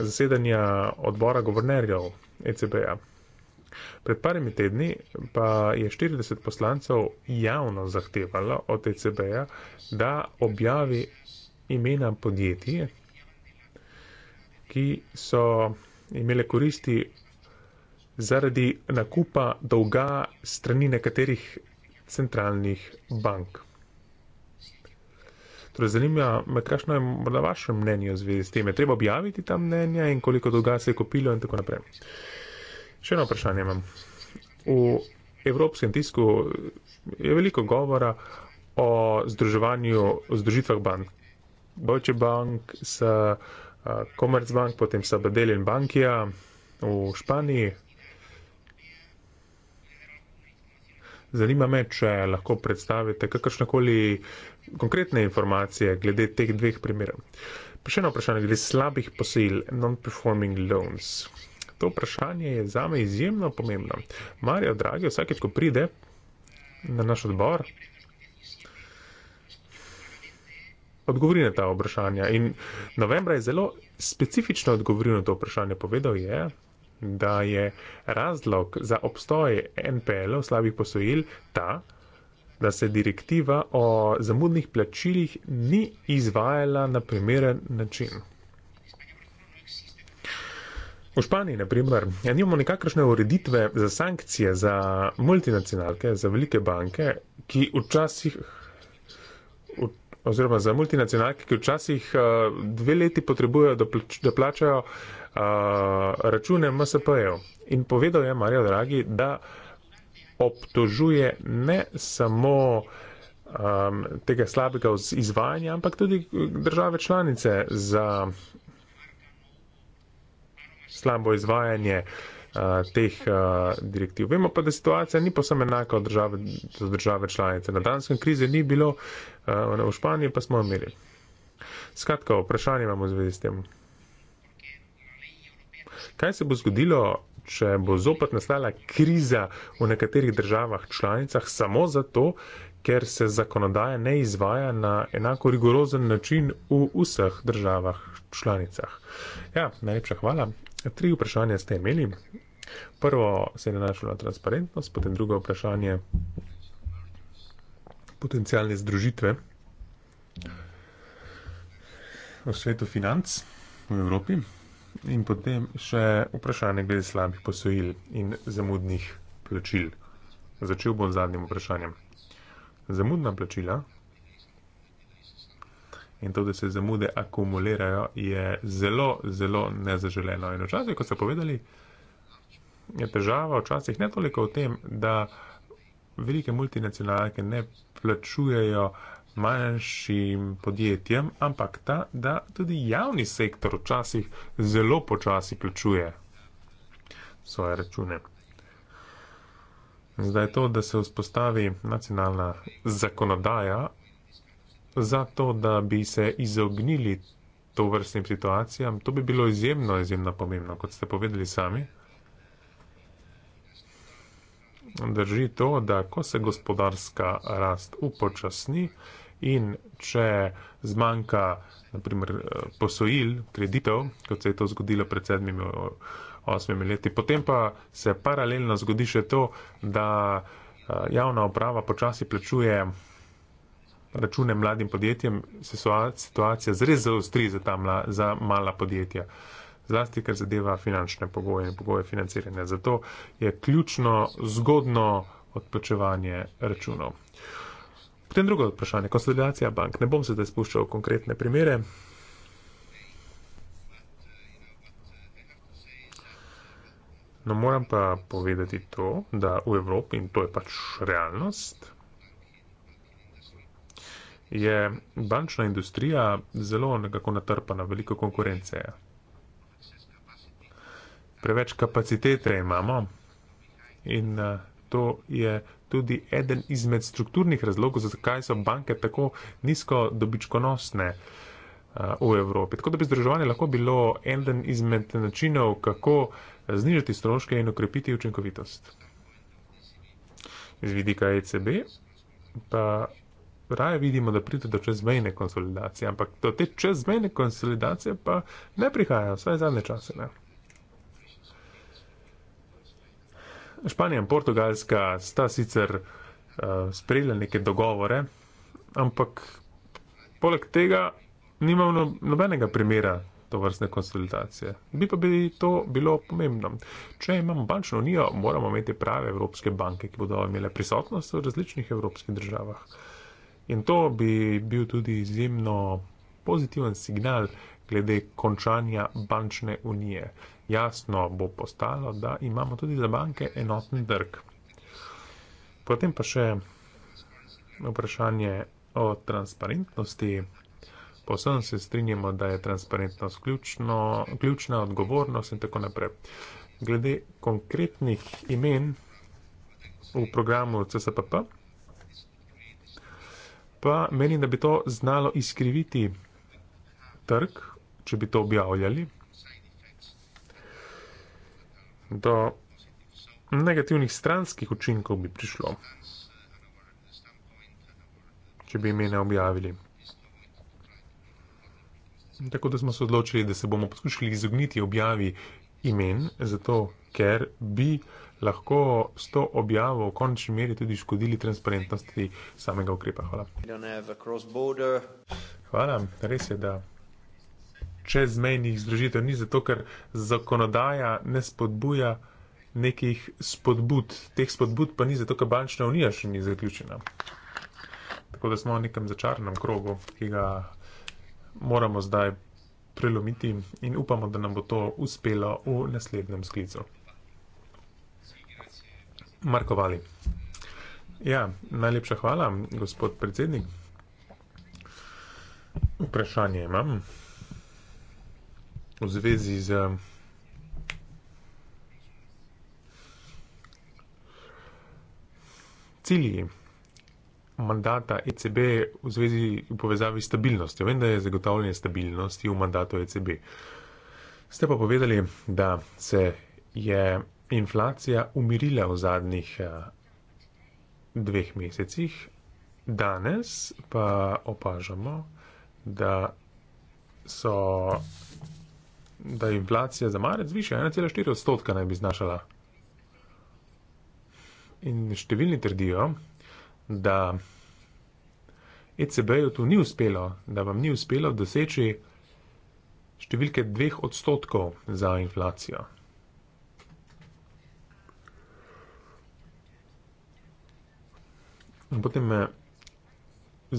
Speaker 3: zasedanja odbora govornerjev ECB-ja. Pred parimi tedni pa je 40 poslancev javno zahtevalo od ECB-ja, da objavi imena podjetij, ki so imele koristi zaradi nakupa dolga strani nekaterih centralnih bank. Torej, zanima me, kakšno je morda vaše mnenje v zvezi s tem. Je treba objaviti ta mnenja in koliko dolga se je kupilo in tako naprej. Še eno vprašanje imam. V evropskem tisku je veliko govora o združevanju, o združitvah bank. Deutsche Bank s eh, Commerzbank, potem s Badelin Bankija v Španiji. Zanima me, če lahko predstavite kakršnekoli konkretne informacije glede teh dveh primerov. Pa še eno vprašanje glede slabih posojil, non-performing loans. To vprašanje je za me izjemno pomembno. Marijo, dragi, vsakeč, ko pride na naš odbor, odgovori na ta vprašanja. In novembra je zelo specifično odgovoril na to vprašanje. Povedal je, da je razlog za obstoj NPL v slabih posojil ta, da se direktiva o zamudnih plačilih ni izvajala na primeren način. V Španiji, na primer, ja, nimamo nekakršne ureditve za sankcije za multinacionalke, za velike banke, ki včasih, oziroma za multinacionalke, ki včasih eh, dve leti potrebujejo, da, plač, da plačajo uh, račune MSP-jev. In povedal je Marijo Dragi, da obtožuje ne samo um, tega slabega izvajanja, ampak tudi države članice za slabo izvajanje uh, teh uh, direktiv. Vemo pa, da situacija ni posebej enaka od države do države članice. Na danskem krize ni bilo, uh, v Španiji pa smo imeli. Skratka, vprašanje imamo v zvezi s tem. Kaj se bo zgodilo, če bo zopet nastala kriza v nekaterih državah članicah samo zato, ker se zakonodaja ne izvaja na enako rigorozen način v vseh državah članicah? Ja, najlepša hvala. Tri vprašanja ste imeli. Prvo se je nanašalo na transparentnost, potem drugo vprašanje potencijalne združitve v svetu financ v Evropi in potem še vprašanje glede slabih posojil in zamudnih plačil. Začel bom z zadnjim vprašanjem. Zamudna plačila in to, da se zamude akumulirajo, je zelo, zelo nezaželeno. In včasih, ko ste povedali, je težava včasih ne toliko v tem, da velike multinacionalke ne plačujejo manjšim podjetjem, ampak ta, da tudi javni sektor včasih zelo počasi plačuje svoje račune. Zdaj to, da se vzpostavi nacionalna zakonodaja zato, da bi se izognili to vrstnim situacijam, to bi bilo izjemno, izjemno pomembno, kot ste povedali sami. Drži to, da ko se gospodarska rast upočasni in če zmanjka naprimer, posojil, kreditov, kot se je to zgodilo pred sedmimi, osmimi leti, potem pa se paralelno zgodi še to, da eh, javna uprava počasi plačuje račune mladim podjetjem, se situacija zres zaostri za, za mala podjetja. Zlasti, kar zadeva finančne pogoje in pogoje financiranja. Zato je ključno zgodno odplačevanje računov. Potem drugo vprašanje, konsolidacija bank. Ne bom se zdaj spuščal v konkretne primere. No, moram pa povedati to, da v Evropi, in to je pač realnost, je bančna industrija zelo nekako natrpana, veliko konkurence je. Preveč kapacitete imamo in eh, to je tudi eden izmed strukturnih razlogov, zakaj so banke tako nizko dobičkonosne eh, v Evropi. Tako da bi združevanje lahko bilo eden izmed načinov, kako znižati stroške in okrepiti učinkovitost. Z vidika ECB pa raje vidimo, da pride do čezmejne konsolidacije, ampak do te čezmejne konsolidacije pa ne prihaja, vsaj zadnje čase ne. Španija in Portugalska sta sicer uh, sprejela neke dogovore, ampak poleg tega nimamo no-, nobenega primera to vrstne konsolidacije. Bi pa bili to bilo pomembno. Če imamo bančno unijo, moramo imeti prave evropske banke, ki bodo imele prisotnost v različnih evropskih državah. Uh, In to bi bil tudi izjemno pozitiven signal glede končanja bančne unije. Jasno bo postalo, da imamo tudi za banke enotni trg. Potem pa še vprašanje o transparentnosti. Posebno se strinjamo, da je transparentnost ključno, ključna odgovornost in tako naprej. Glede konkretnih imen v programu CSPP pa menim, da bi to znalo izkriviti trg, če bi to objavljali, do negativnih stranskih učinkov bi prišlo, če bi imena objavili. Tako da smo se odločili, da se bomo poskušali izogniti objavi imen, zato ker bi lahko s to objavo v končni meri tudi škodili transparentnosti samega ukrepa. Hvala. Hvala, res je, da čezmejnih združitev ni zato, ker zakonodaja ne spodbuja nekih spodbud. Teh spodbud pa ni zato, ker bančna unija še ni zaključena. Tako da smo v nekem začarnem krogu, ki ga moramo zdaj prelomiti in upamo, da nam bo to uspelo v naslednjem sklicu markovali. Ja, najlepša hvala, gospod predsednik. Vprašanje imam v zvezi z. Cilji mandata ECB v zvezi v povezavi s stabilnostjo. Vem, da je zagotavljanje stabilnosti v mandatu ECB. Ste pa povedali, da se je inflacija umirila v zadnjih eh, dveh mesecih, danes pa opažamo, da so da je inflacija za marec više, 1,4 odstotka naj bi znašala. In številni trdijo, da ECB-ju to ni uspelo, da vam ni uspelo doseči številke dveh odstotkov za inflacijo. In potem me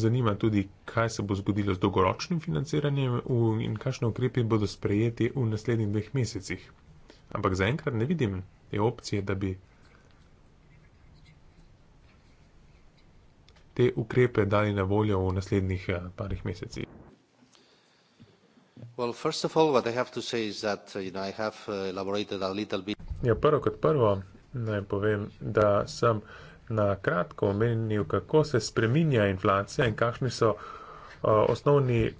Speaker 3: zanima tudi, kaj se bo zgodilo z dolgoročnim financiranjem in kakšne ukrepe bodo sprejeti v naslednjih dveh mesecih. Ampak zaenkrat ne vidim te opcije, da bi te ukrepe dali na voljo v naslednjih eh, parih mesecih.
Speaker 2: Well, first of all, what I have to say is that, uh, you know, I have uh, elaborated a little bit.
Speaker 3: Ja, prvo kot prvo naj povem, da sem na kratko omenil, kako se spreminja inflacija in kakšni so uh, osnovni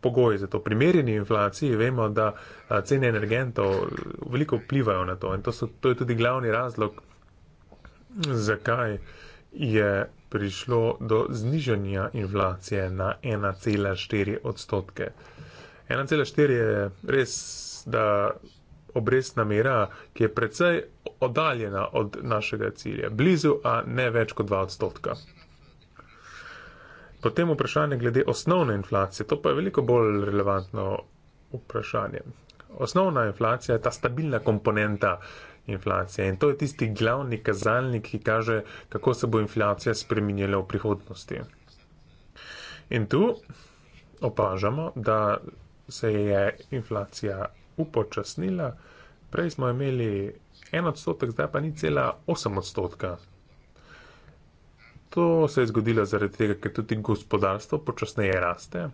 Speaker 3: pogoji za to. Primerjeni inflaciji vemo, da uh, cene energentov veliko vplivajo na to in to, so, to je tudi glavni razlog, zakaj je prišlo do znižanja inflacije na 1,4 odstotke. 1,4 je res, da obrestna mera, ki je predvsej oddaljena od našega cilja, blizu, a ne več kot 2 odstotka. Potem vprašanje glede osnovne inflacije, to pa je veliko bolj relevantno vprašanje. Osnovna inflacija je ta stabilna komponenta inflacije in to je tisti glavni kazalnik, ki kaže, kako se bo inflacija spremenjala v prihodnosti. In tu opažamo, da se je inflacija upočasnila. Prej smo imeli en odstotek, zdaj pa ni cela osem odstotka. To se je zgodilo zaradi tega, ker tudi gospodarstvo počasneje raste.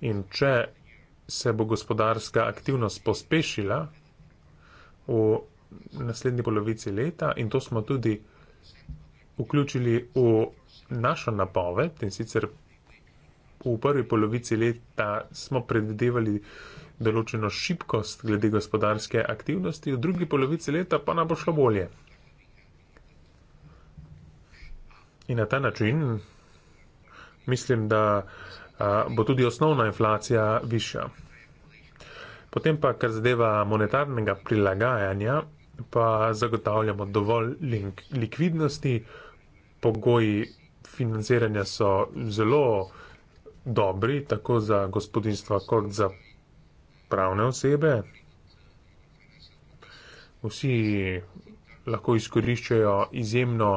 Speaker 3: In če se bo gospodarska aktivnost pospešila v naslednji polovici leta, in to smo tudi vključili v našo napoved, in sicer v prvi polovici leta smo predvidevali določeno šibkost glede gospodarske aktivnosti, v drugi polovici leta pa nam bo šlo bolje. In na ta način mislim, da bo tudi osnovna inflacija višja. Potem pa, kar zadeva monetarnega prilagajanja, pa zagotavljamo dovolj likvidnosti, pogoji financiranja so zelo dobri, tako za gospodinstva kot za pravne osebe. Vsi lahko izkoriščajo izjemno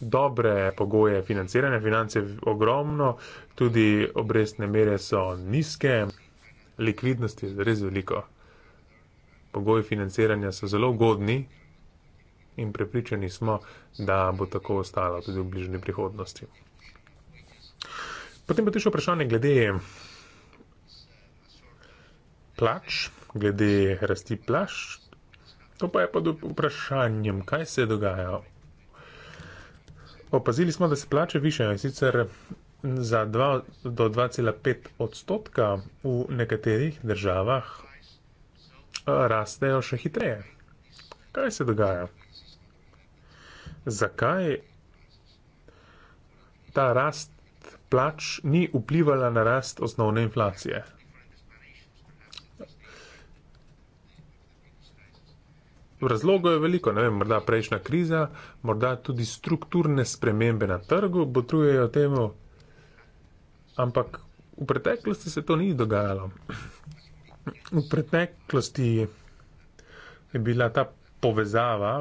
Speaker 3: dobre pogoje financiranja, finance ogromno, tudi obrestne mere so nizke, likvidnosti je res veliko. Pogoji financiranja so zelo ugodni in prepričani smo, da bo tako ostalo tudi v bližnji prihodnosti. Potem pa tudi še vprašanje glede plač, glede rasti plač. To pa je pod vprašanjem, kaj se dogaja. Opazili smo, da se plače višajo in sicer za 2 do 2,5 odstotka v nekaterih državah eh, rastejo še hitreje. Kaj se dogaja? Zakaj ta rast plač ni vplivala na rast osnovne inflacije? Razlogov je veliko, ne vem, morda prejšnja kriza, morda tudi strukturne spremembe na trgu potrujejo temu, ampak v preteklosti se to ni dogajalo. V preteklosti je bila ta povezava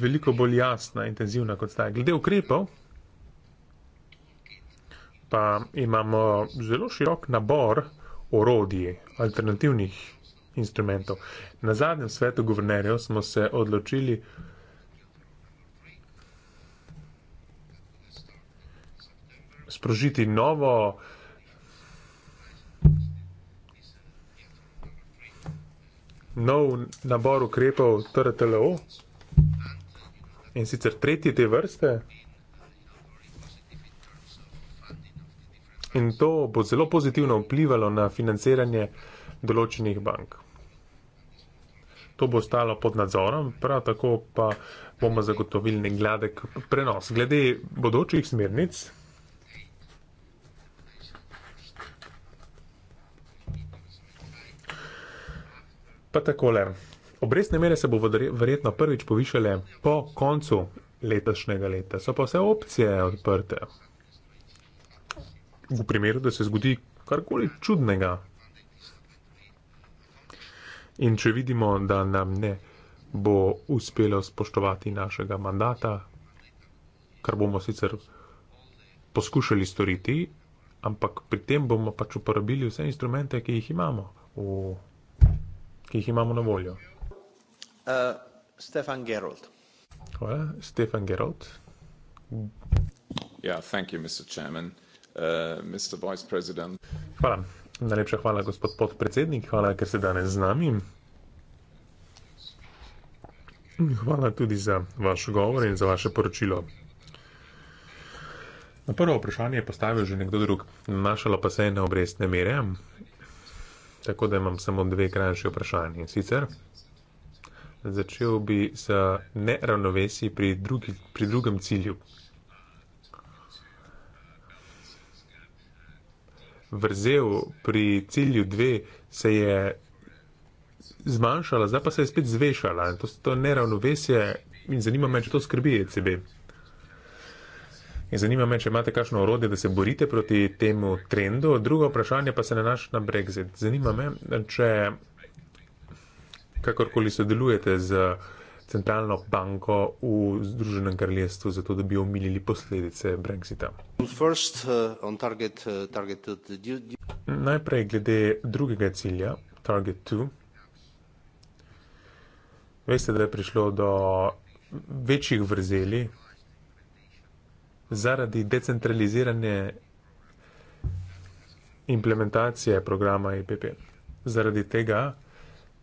Speaker 3: veliko bolj jasna, intenzivna kot zdaj. Glede ukrepov pa imamo zelo širok nabor orodij, alternativnih instrumentov. Na zadnjem svetu guvernerjev smo se odločili. Sprožiti novo, nov nabor ukrepov TRTLO in sicer tretji te vrste. In to bo zelo pozitivno vplivalo na financiranje uh, določenih bank. To bo ostalo pod nadzorom, prav tako pa bomo zagotovili nek gladek prenos. Glede bodočih smernic. Pa takole, obrestne mere se bo verjetno prvič povišale po koncu letošnjega leta. So pa vse opcije odprte. V primeru, da se zgodi karkoli čudnega, In če vidimo, da nam ne bo uspelo spoštovati našega mandata, kar bomo sicer poskušali storiti, ampak pri tem bomo pač uporabili vse instrumente, ki jih imamo, v, ki jih imamo na voljo.
Speaker 2: Uh, Stefan Gerold.
Speaker 3: Hvala, Stefan Gerold.
Speaker 2: Ja, yeah, thank you,
Speaker 1: Mr. Chairman. Uh, eh, Mr. Vice President.
Speaker 3: Hvala. Najlepša hvala, gospod podpredsednik, hvala, ker ste danes z nami. Hvala tudi za vaš govor in za vaše poročilo. Na prvo vprašanje je postavil že nekdo drug, našalo pa se je na obrestne mere, tako da imam samo dve krajše vprašanje. In sicer začel bi s neravnovesji pri, drugi, pri drugem cilju. vrzel pri cilju dve, se je zmanjšala, zdaj pa se je spet zvešala. To, to neravnovesje in zanima me, če to skrbi ECB. In zanima me, če imate kakšno orodje, da se borite proti temu trendu. Drugo vprašanje pa se nanaša na Brexit. Zanima me, če kakorkoli sodelujete z uh, centralno banko v Združenem kraljestvu, zato da bi omilili posledice Brexita.
Speaker 2: First, uh, target, uh, target to...
Speaker 3: Najprej glede drugega cilja, Target 2. Veste, da je prišlo do večjih vrzeli zaradi decentralizirane implementacije programa IPP. E zaradi tega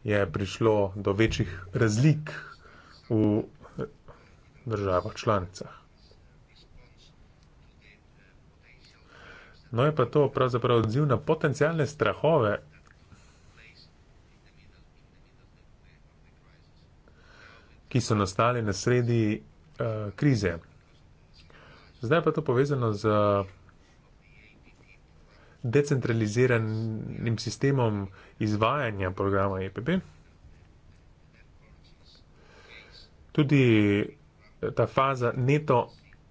Speaker 3: je prišlo do večjih razlik v državah članicah. No, je pa to pravzaprav odziv na potencijalne strahove. Ki so nastali na sredi uh, krize. Zdaj pa je to povezano z decentraliziranim sistemom izvajanja programa EPP. tudi eh, ta faza neto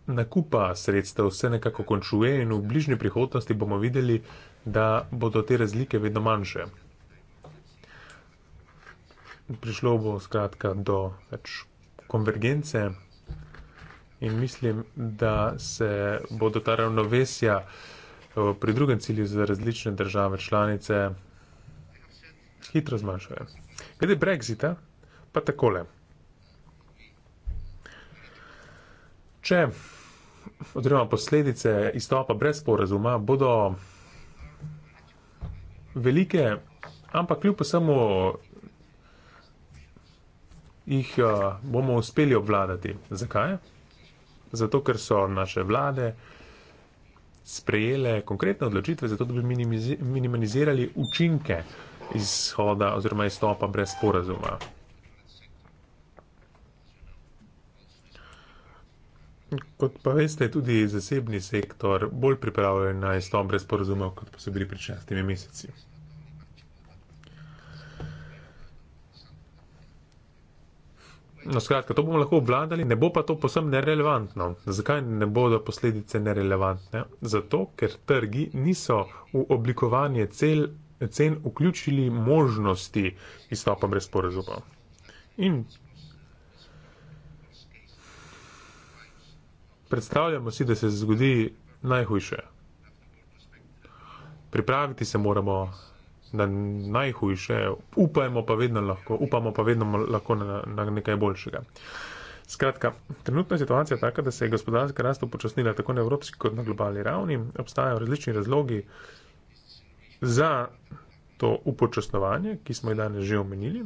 Speaker 3: nakupa sredstev se nekako končuje in v bližnji prihodnosti bomo videli, da bodo te razlike vedno manjše. Prišlo bo skratka do več konvergence in mislim, da se bodo ta ravnovesja eh, pri drugem cilju za različne države članice hitro zmanjšale. Glede Brexita pa takole. če, oziroma posledice izstopa brez porazuma, bodo velike, ampak kljub samo jih eh, bomo uspeli obvladati. Zakaj? Zato, ker so naše vlade sprejele konkretne odločitve, zato da bi minimizirali učinke izhoda oziroma izstopa brez porazuma. Kot pa veste, tudi zasebni sektor bolj pripravljen na istobre sporozumev, kot pa so bili pred 16 meseci. No, skratka, to bomo lahko obvladali, ne bo pa to posebno nerelevantno. Zakaj ne bodo posledice nerelevantne? Zato, ker trgi niso v oblikovanje cel, cen vključili možnosti izstopa brez porazuma. In predstavljamo si, da se zgodi najhujše. Pripraviti se moramo na najhujše, upajmo pa vedno lahko, upamo pa vedno lahko na, na nekaj boljšega. Skratka, trenutna situacija je taka, da se je gospodarska rast upočasnila tako na evropski kot na globalni ravni. Obstajajo različni razlogi za to upočasnovanje, ki smo jih danes že omenili.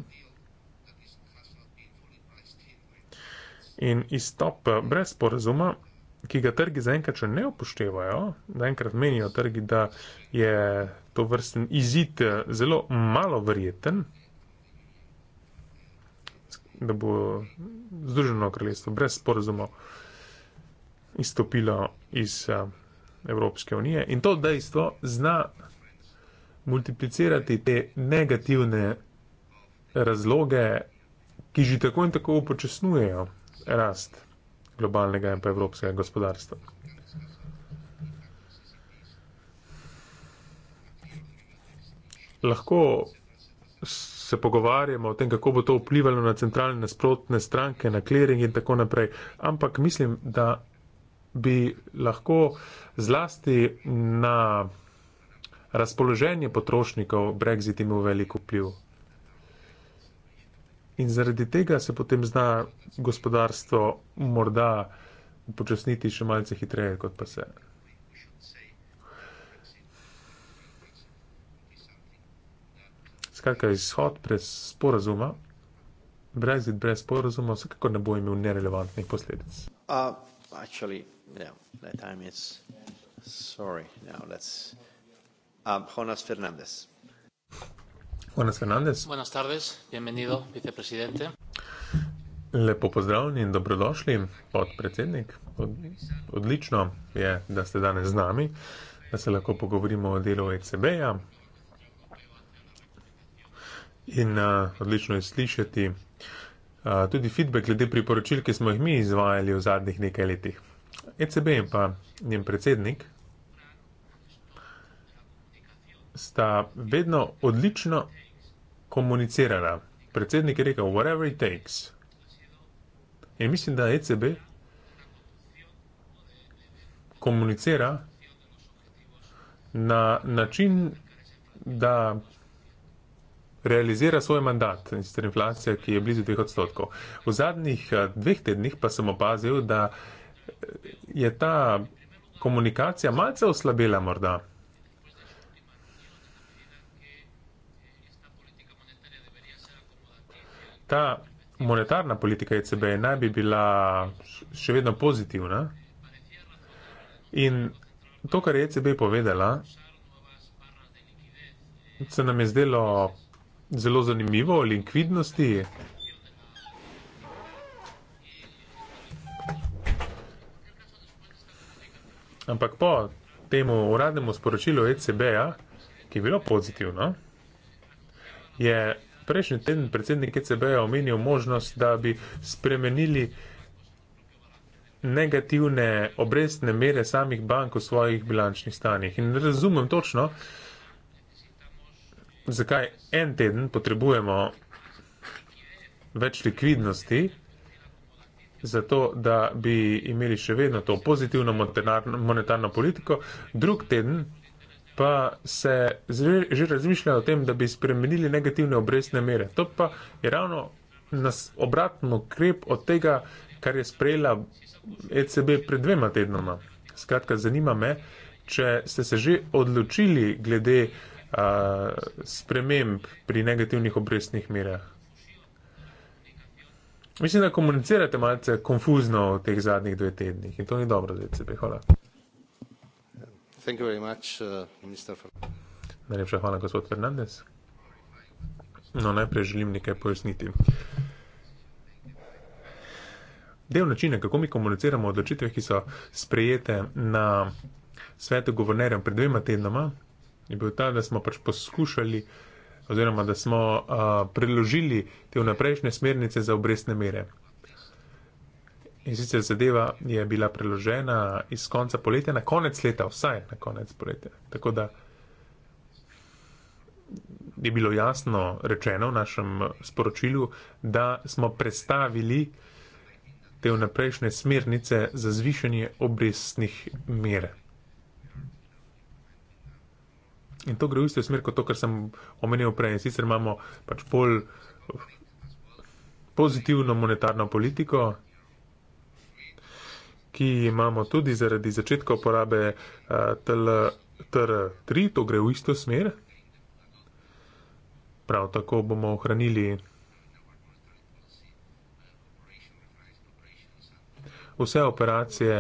Speaker 3: In izstop brez porazuma ki ga trgi zaenkrat še ne upoštevajo, zaenkrat menijo trgi, da je to vrsten izid eh, zelo malo verjeten, da bo Združeno kraljestvo brez sporozumov izstopilo iz eh, Evropske unije. In to dejstvo zna multiplicirati te negativne razloge, ki že tako in tako upočasnujejo rast globalnega in pa evropskega gospodarstva. Lahko se pogovarjamo o tem, kako bo to vplivalo na centralne nasprotne stranke, na clearing in tako naprej, ampak mislim, da bi lahko zlasti na razpoloženje potrošnikov Brexit imel veliko vpliv. In zaradi tega se potem zna gospodarstvo morda upočasniti še malce hitreje, kot pa se. Skratka, izhod brez sporazuma, brexit brez sporazuma, vsekako ne bo imel nerelevantnih posledic.
Speaker 2: Uh, actually, yeah, Sorry, now let's. Um, Jonas Fernandez.
Speaker 3: Juanes Fernández.
Speaker 1: Buenas tardes, bienvenido, vicepresidente.
Speaker 3: Lepo pozdravljeni in dobrodošli, podpredsednik. Od, odlično je, da ste danes z nami, da se lahko pogovorimo o delu ECB-ja. In uh, odlično je slišati uh, tudi feedback glede priporočil, ki smo jih mi izvajali v zadnjih nekaj letih. ECB in pa njen predsednik sta vedno odlično komunicirala. Predsednik je rekel, whatever it takes. In mislim, da ECB komunicira na način, da realizira svoj mandat in sicer inflacija, ki je blizu dveh odstotkov. V zadnjih eh, dveh tednih pa sem opazil, da eh, je ta komunikacija malce oslabila morda. ta monetarna politika ECB naj bi bila še vedno pozitivna. In to, kar je ECB povedala, se nam je zdelo zelo zanimivo o likvidnosti. Ampak po temu uradnemu sporočilu ECB-ja, ki je bilo pozitivno, je prejšnji teden predsednik ECB je omenil možnost, da bi spremenili negativne obrestne mere samih bank v svojih bilančnih stanjih. In razumem točno, zakaj en teden potrebujemo več likvidnosti, zato da bi imeli še vedno to pozitivno monetarno politiko, drug teden pa se že razmišljajo o tem, da bi spremenili negativne obrestne mere. To pa je ravno nas obratno krep od tega, kar je sprejela ECB pred dvema tednoma. Skratka, zanima me, če ste se že odločili glede uh, sprememb pri negativnih obrestnih merah. Mislim, da komunicirate malce konfuzno v teh zadnjih dveh tednih in to ni dobro za ECB. Hvala.
Speaker 2: Uh,
Speaker 3: Najlepša hvala, gospod Fernandez. No, najprej želim nekaj pojasniti. Del načina, kako mi komuniciramo o odločitvah, ki so sprejete na svetu guvernerjem pred dvema tednoma, je bil ta, da smo pač poskušali oziroma da smo a, preložili te vnaprejšnje smernice za obrestne mere. In sicer zadeva je bila preložena iz konca poletja na konec leta, vsaj na konec poletja. Tako da je bilo jasno rečeno v našem sporočilu, da smo predstavili te vnaprejšnje smernice za zvišanje obrestnih mer. In to gre v isto smer kot to, kar sem omenil prej. Sicer imamo pač bolj pozitivno monetarno politiko, ki imamo tudi zaradi začetka uporabe eh, TR3, to gre v isto smer. Prav tako bomo ohranili vse operacije,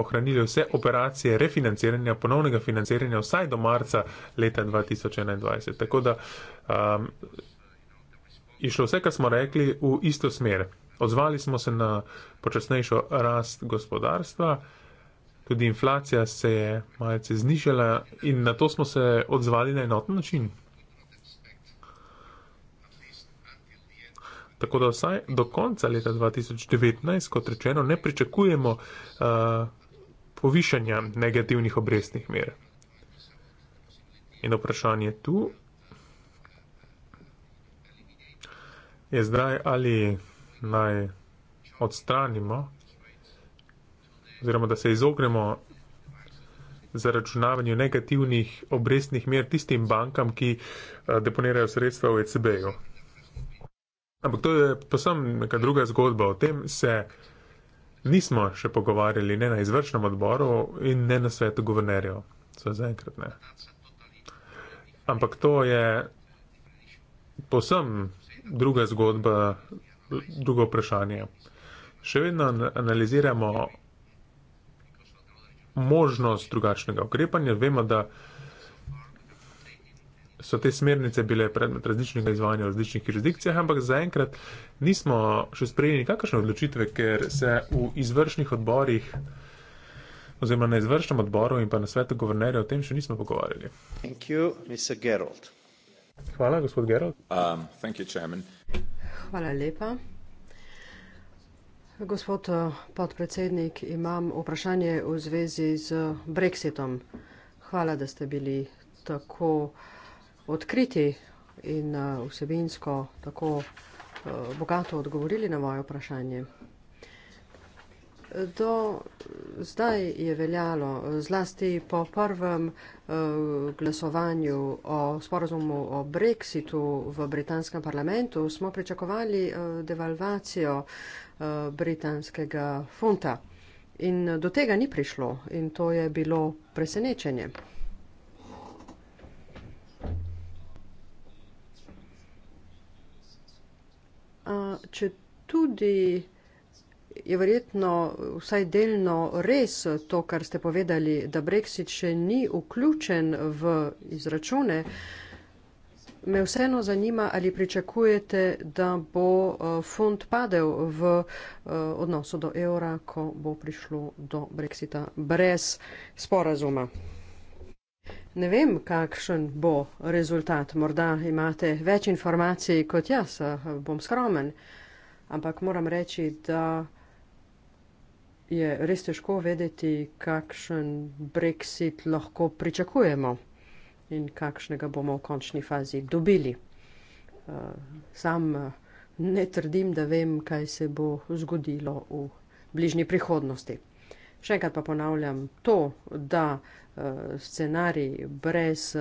Speaker 3: ohranili vse operacije refinanciranja, ponovnega financiranja vsaj do marca leta 2021. Tako da um, je šlo vse, kar smo rekli, v isto smer. Odzvali smo se na počasnejšo rast gospodarstva, tudi inflacija se je malce znižala in na to smo se odzvali na enoten način. Tako da vsaj do konca leta 2019, kot rečeno, ne pričakujemo uh, povišanja negativnih obrestnih mer. In vprašanje tu je zdaj ali naj odstranimo, oziroma da se izognemo zaračunavanju negativnih obrestnih mer tistim bankam, ki eh, deponirajo sredstva v ECB-ju. Ampak to je posem neka druga zgodba. O tem se nismo še pogovarjali ne na izvršnem odboru in ne na svetu guvernerjev. So zaenkrat ne. Ampak to je posem druga zgodba drugo vprašanje. Še vedno analiziramo možnost drugačnega ukrepanja. Vemo, da so te smernice bile predmet različnega izvajanja v različnih jurisdikcijah, ampak zaenkrat nismo še sprejeli nikakršne odločitve, ker se v izvršnih odborih oziroma na izvršnem odboru in pa na svetu guvernerja o tem še nismo pogovarjali. Hvala, gospod
Speaker 2: Gerald. Um, Hvala lepa. Gospod eh, podpredsednik, imam vprašanje v zvezi z Brexitom. Hvala, da ste bili tako odkriti in eh, vsebinsko tako eh, bogato odgovorili na moje vprašanje. Do zdaj je veljalo, zlasti po prvem eh, glasovanju o sporozumu o brexitu v britanskem parlamentu, smo pričakovali eh, devalvacijo eh, britanskega funta. In do tega ni prišlo in to je bilo presenečenje. Če tudi je verjetno vsaj delno res to, kar ste povedali, da Brexit še ni vključen v izračune. Me vseeno zanima, ali pričakujete, da bo eh, fond padel v eh, odnosu do evra, ko bo prišlo do Brexita brez sporazuma. Ne vem, kakšen bo rezultat. Morda imate več informacij kot jaz, eh, bom skromen. Ampak moram reči, da je res težko vedeti, kakšen brexit lahko pričakujemo in kakšnega bomo v končni fazi dobili. Eh, sam eh, ne trdim, da vem, kaj se bo zgodilo v bližnji prihodnosti. Še enkrat pa ponavljam to, da eh, scenarij brez,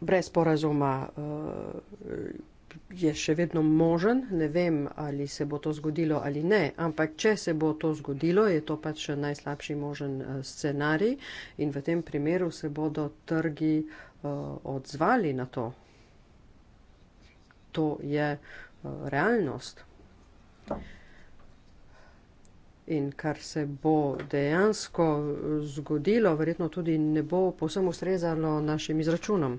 Speaker 2: brez porazuma je še vedno možen, ne vem, ali se bo to zgodilo ali ne, ampak če se bo to zgodilo, je to pač najslabši možen eh, scenarij in v tem primeru se bodo trgi eh, odzvali na to. To je eh, realnost. In kar se bo dejansko zgodilo, verjetno tudi ne bo posebno ustrezalo našim izračunom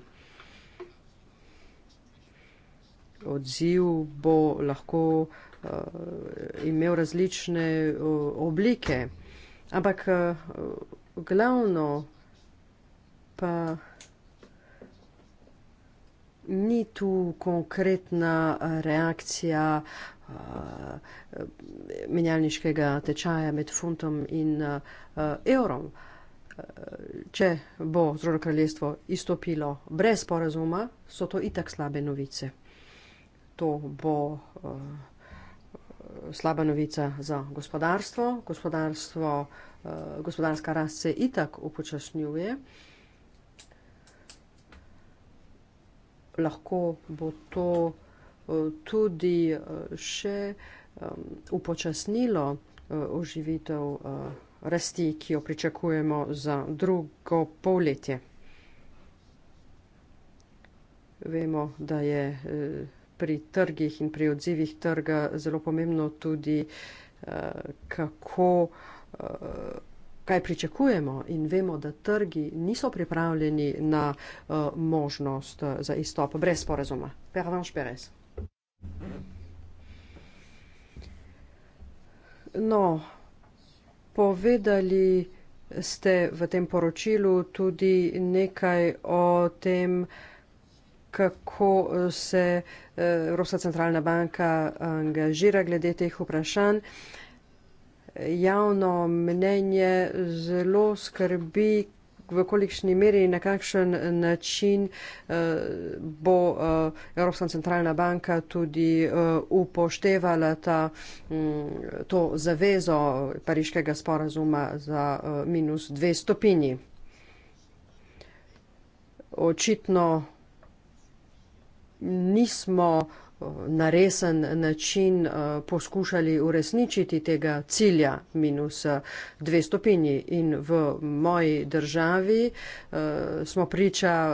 Speaker 2: odziv bo lahko uh, imel različne uh, oblike. Ampak uh, glavno pa ni tu konkretna reakcija uh, menjalniškega tečaja med funtom in uh, evrom. Če bo Združeno kraljestvo izstopilo brez porazuma, so to itak slabe novice to bo eh, slaba novica za gospodarstvo. gospodarstvo eh, gospodarska rast se itak upočasnjuje. Lahko bo to eh, tudi še upočasnilo oživitev rasti, ki jo pričakujemo za drugo polletje. Vemo, da je pri trgih in pri odzivih trga zelo pomembno tudi, eh, kako, eh, kaj pričakujemo in vemo, da trgi niso pripravljeni na eh, možnost za izstop brez sporazuma. Pervanš Perez. No, povedali ste v tem poročilu tudi nekaj o tem, kako eh, se eh, Evropska centralna banka angažira glede teh vprašanj. Javno mnenje zelo skrbi, v kolikšni meri in na kakšen način eh, bo Evropska centralna banka tudi upoštevala ta, mm, to zavezo pariškega sporazuma za minus dve stopinji. Očitno nismo eh, na resen način eh, poskušali uresničiti tega cilja minus eh, dve stopinji. In v moji državi smo priča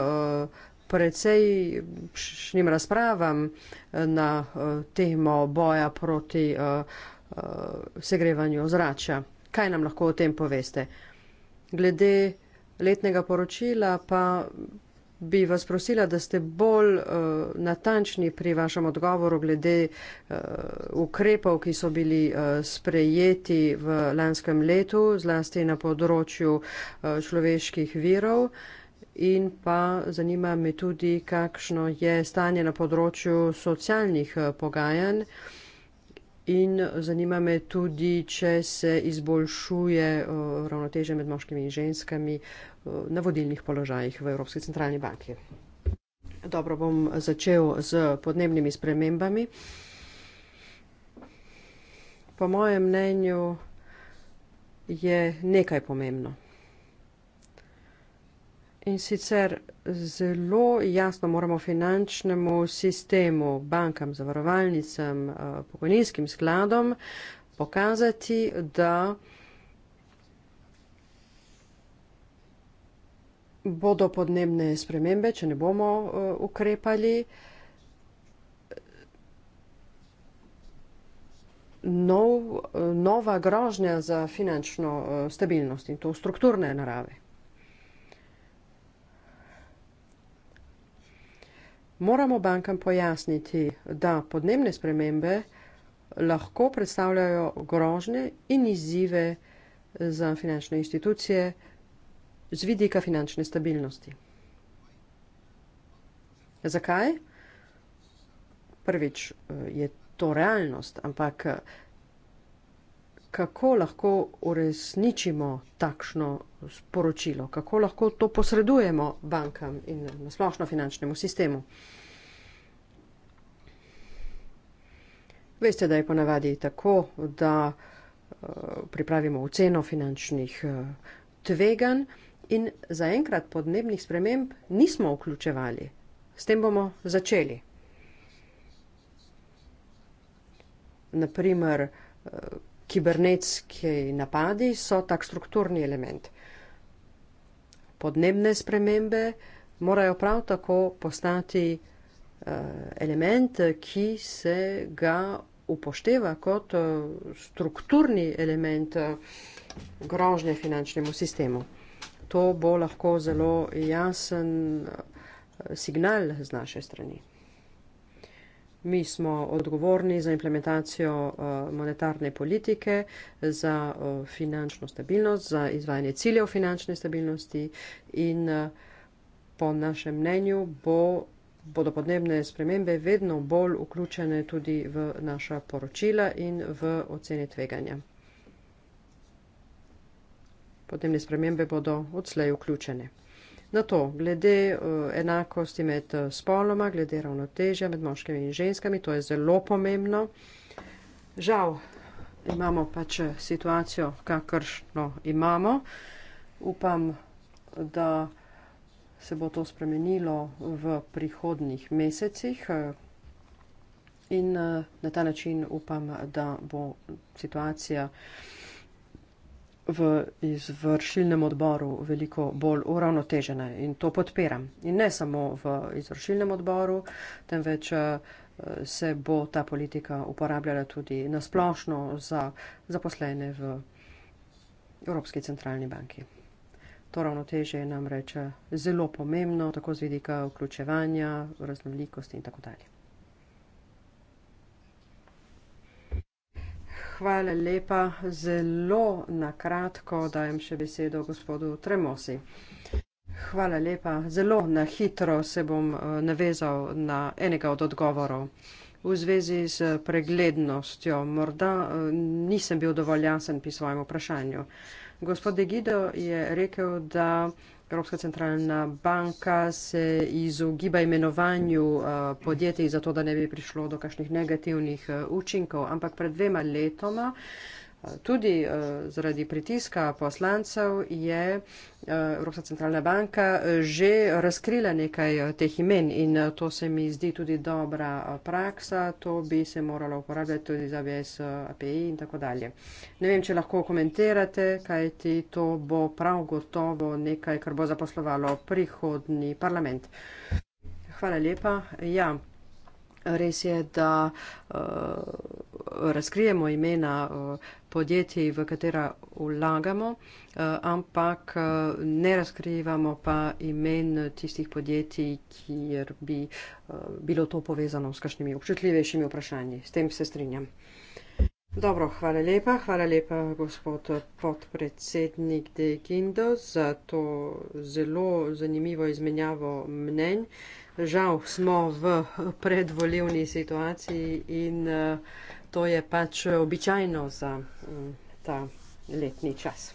Speaker 2: precejšnjim razpravam na temo boja proti segrevanju ozračja. Kaj nam lahko o tem poveste? Glede letnega poročila pa bi vas prosila, da ste bolj uh, natančni pri vašem odgovoru glede uh, ukrepov, ki so bili uh, sprejeti v lanskem letu, zlasti na področju uh, človeških virov. In pa zanima me tudi, kakšno je stanje na področju socialnih uh, pogajanj in zanima me tudi, če se izboljšuje ravnoteže med moškimi in ženskami na vodilnih položajih v Evropski centralni banki. Dobro, bom začel z podnebnimi spremembami. Po mojem mnenju je nekaj pomembno. In sicer zelo jasno moramo finančnemu sistemu, bankam, zavarovalnicam, eh, pokojninskim skladom pokazati, da bodo podnebne spremembe, če ne bomo eh, ukrepali, nov, eh, nova grožnja za finančno stabilnost in to strukturne narave. moramo bankam pojasniti, da podnebne spremembe lahko predstavljajo grožne in izzive za finančne institucije z vidika finančne stabilnosti. Zakaj? Prvič je to realnost, ampak kako lahko uresničimo takšno sporočilo, kako lahko to posredujemo bankam in nasplošno finančnemu sistemu. Veste, da je ponavadi tako, da eh, pripravimo oceno finančnih eh, tvegan in zaenkrat podnebnih sprememb nismo vključevali. S tem bomo začeli. Naprimer, eh, kibernetski napadi so tak strukturni element podnebne spremembe morajo prav tako postati eh, element, ki se ga upošteva kot eh, strukturni element eh, grožnje finančnemu sistemu. To bo lahko zelo jasen signal z naše strani. Mi smo odgovorni za implementacijo eh, monetarne politike, za eh, finančno stabilnost, za izvajanje ciljev finančne stabilnosti in eh, po našem mnenju bo, bodo podnebne spremembe vedno bolj vključene tudi v naša poročila in v ocene tveganja. Podnebne spremembe bodo odslej vključene. Na to, glede uh, enakosti med uh, spoloma, glede ravnotežja med moškimi in ženskami, to je zelo pomembno. Žal imamo pač eh, situacijo, kakršno imamo. Upam, da se bo to spremenilo v prihodnih mesecih uh, in uh, na ta način upam, da bo situacija uh, v izvršilnem odboru veliko bolj uravnotežene in to podpiram. In ne samo v izvršilnem odboru, temveč eh, se bo ta politika uporabljala tudi nasplošno za zaposlene v Evropski centralni banki. To ravnoteže je namreč eh, zelo pomembno, tako z vidika vključevanja, raznolikosti in tako dalje. hvala lepa. Zelo nakratko dajem še besedo gospodu Tremosi. Hvala lepa. Zelo na hitro se bom eh, navezal na enega od odgovorov. V zvezi z preglednostjo morda eh, nisem bil dovolj jasen pri svojem vprašanju. Gospod Degido je rekel, da. Evropska centralna banka se izogiba imenovanju eh, podjetij, zato da ne bi prišlo do kakšnih negativnih eh, učinkov. Ampak pred dvema letoma, eh, tudi zaradi pritiska poslancev, je Evropska centralna banka eh, že razkrila nekaj eh, teh imen in eh, to se mi zdi tudi dobra praksa, to bi se moralo uporabljati tudi za VS, API in tako dalje. Ne vem, če lahko komentirate, kaj ti to bo prav gotovo nekaj, kar bo zaposlovalo prihodni parlament. Hvala lepa. Ja. Res je, da uh, razkrijemo imena uh, podjetij, v katera vlagamo, uh, ampak uh, ne razkrivamo pa imen tistih podjetij, kjer bi uh, bilo to povezano s kakšnimi občutljivejšimi vprašanji. S tem se strinjam. Dobro, hvala lepa. Hvala lepa, gospod podpredsednik De Kindo, za to zelo zanimivo izmenjavo mnenj. Uh, žal smo v predvoljevni situaciji in eh, to je pač običajno za mm, ta letni čas.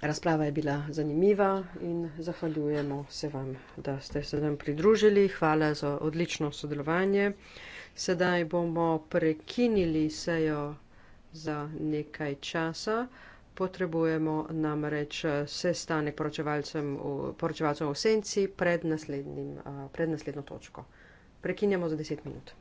Speaker 2: Razprava je bila zanimiva in zahvaljujemo se vam, da ste se nam pridružili. Hvala za odlično sodelovanje. Sedaj bomo prekinili sejo za nekaj časa potrebujemo namreč eh, sestanek poročevalcev v senci pred, eh, pred naslednjo točko. Prekinjamo za 10 minut.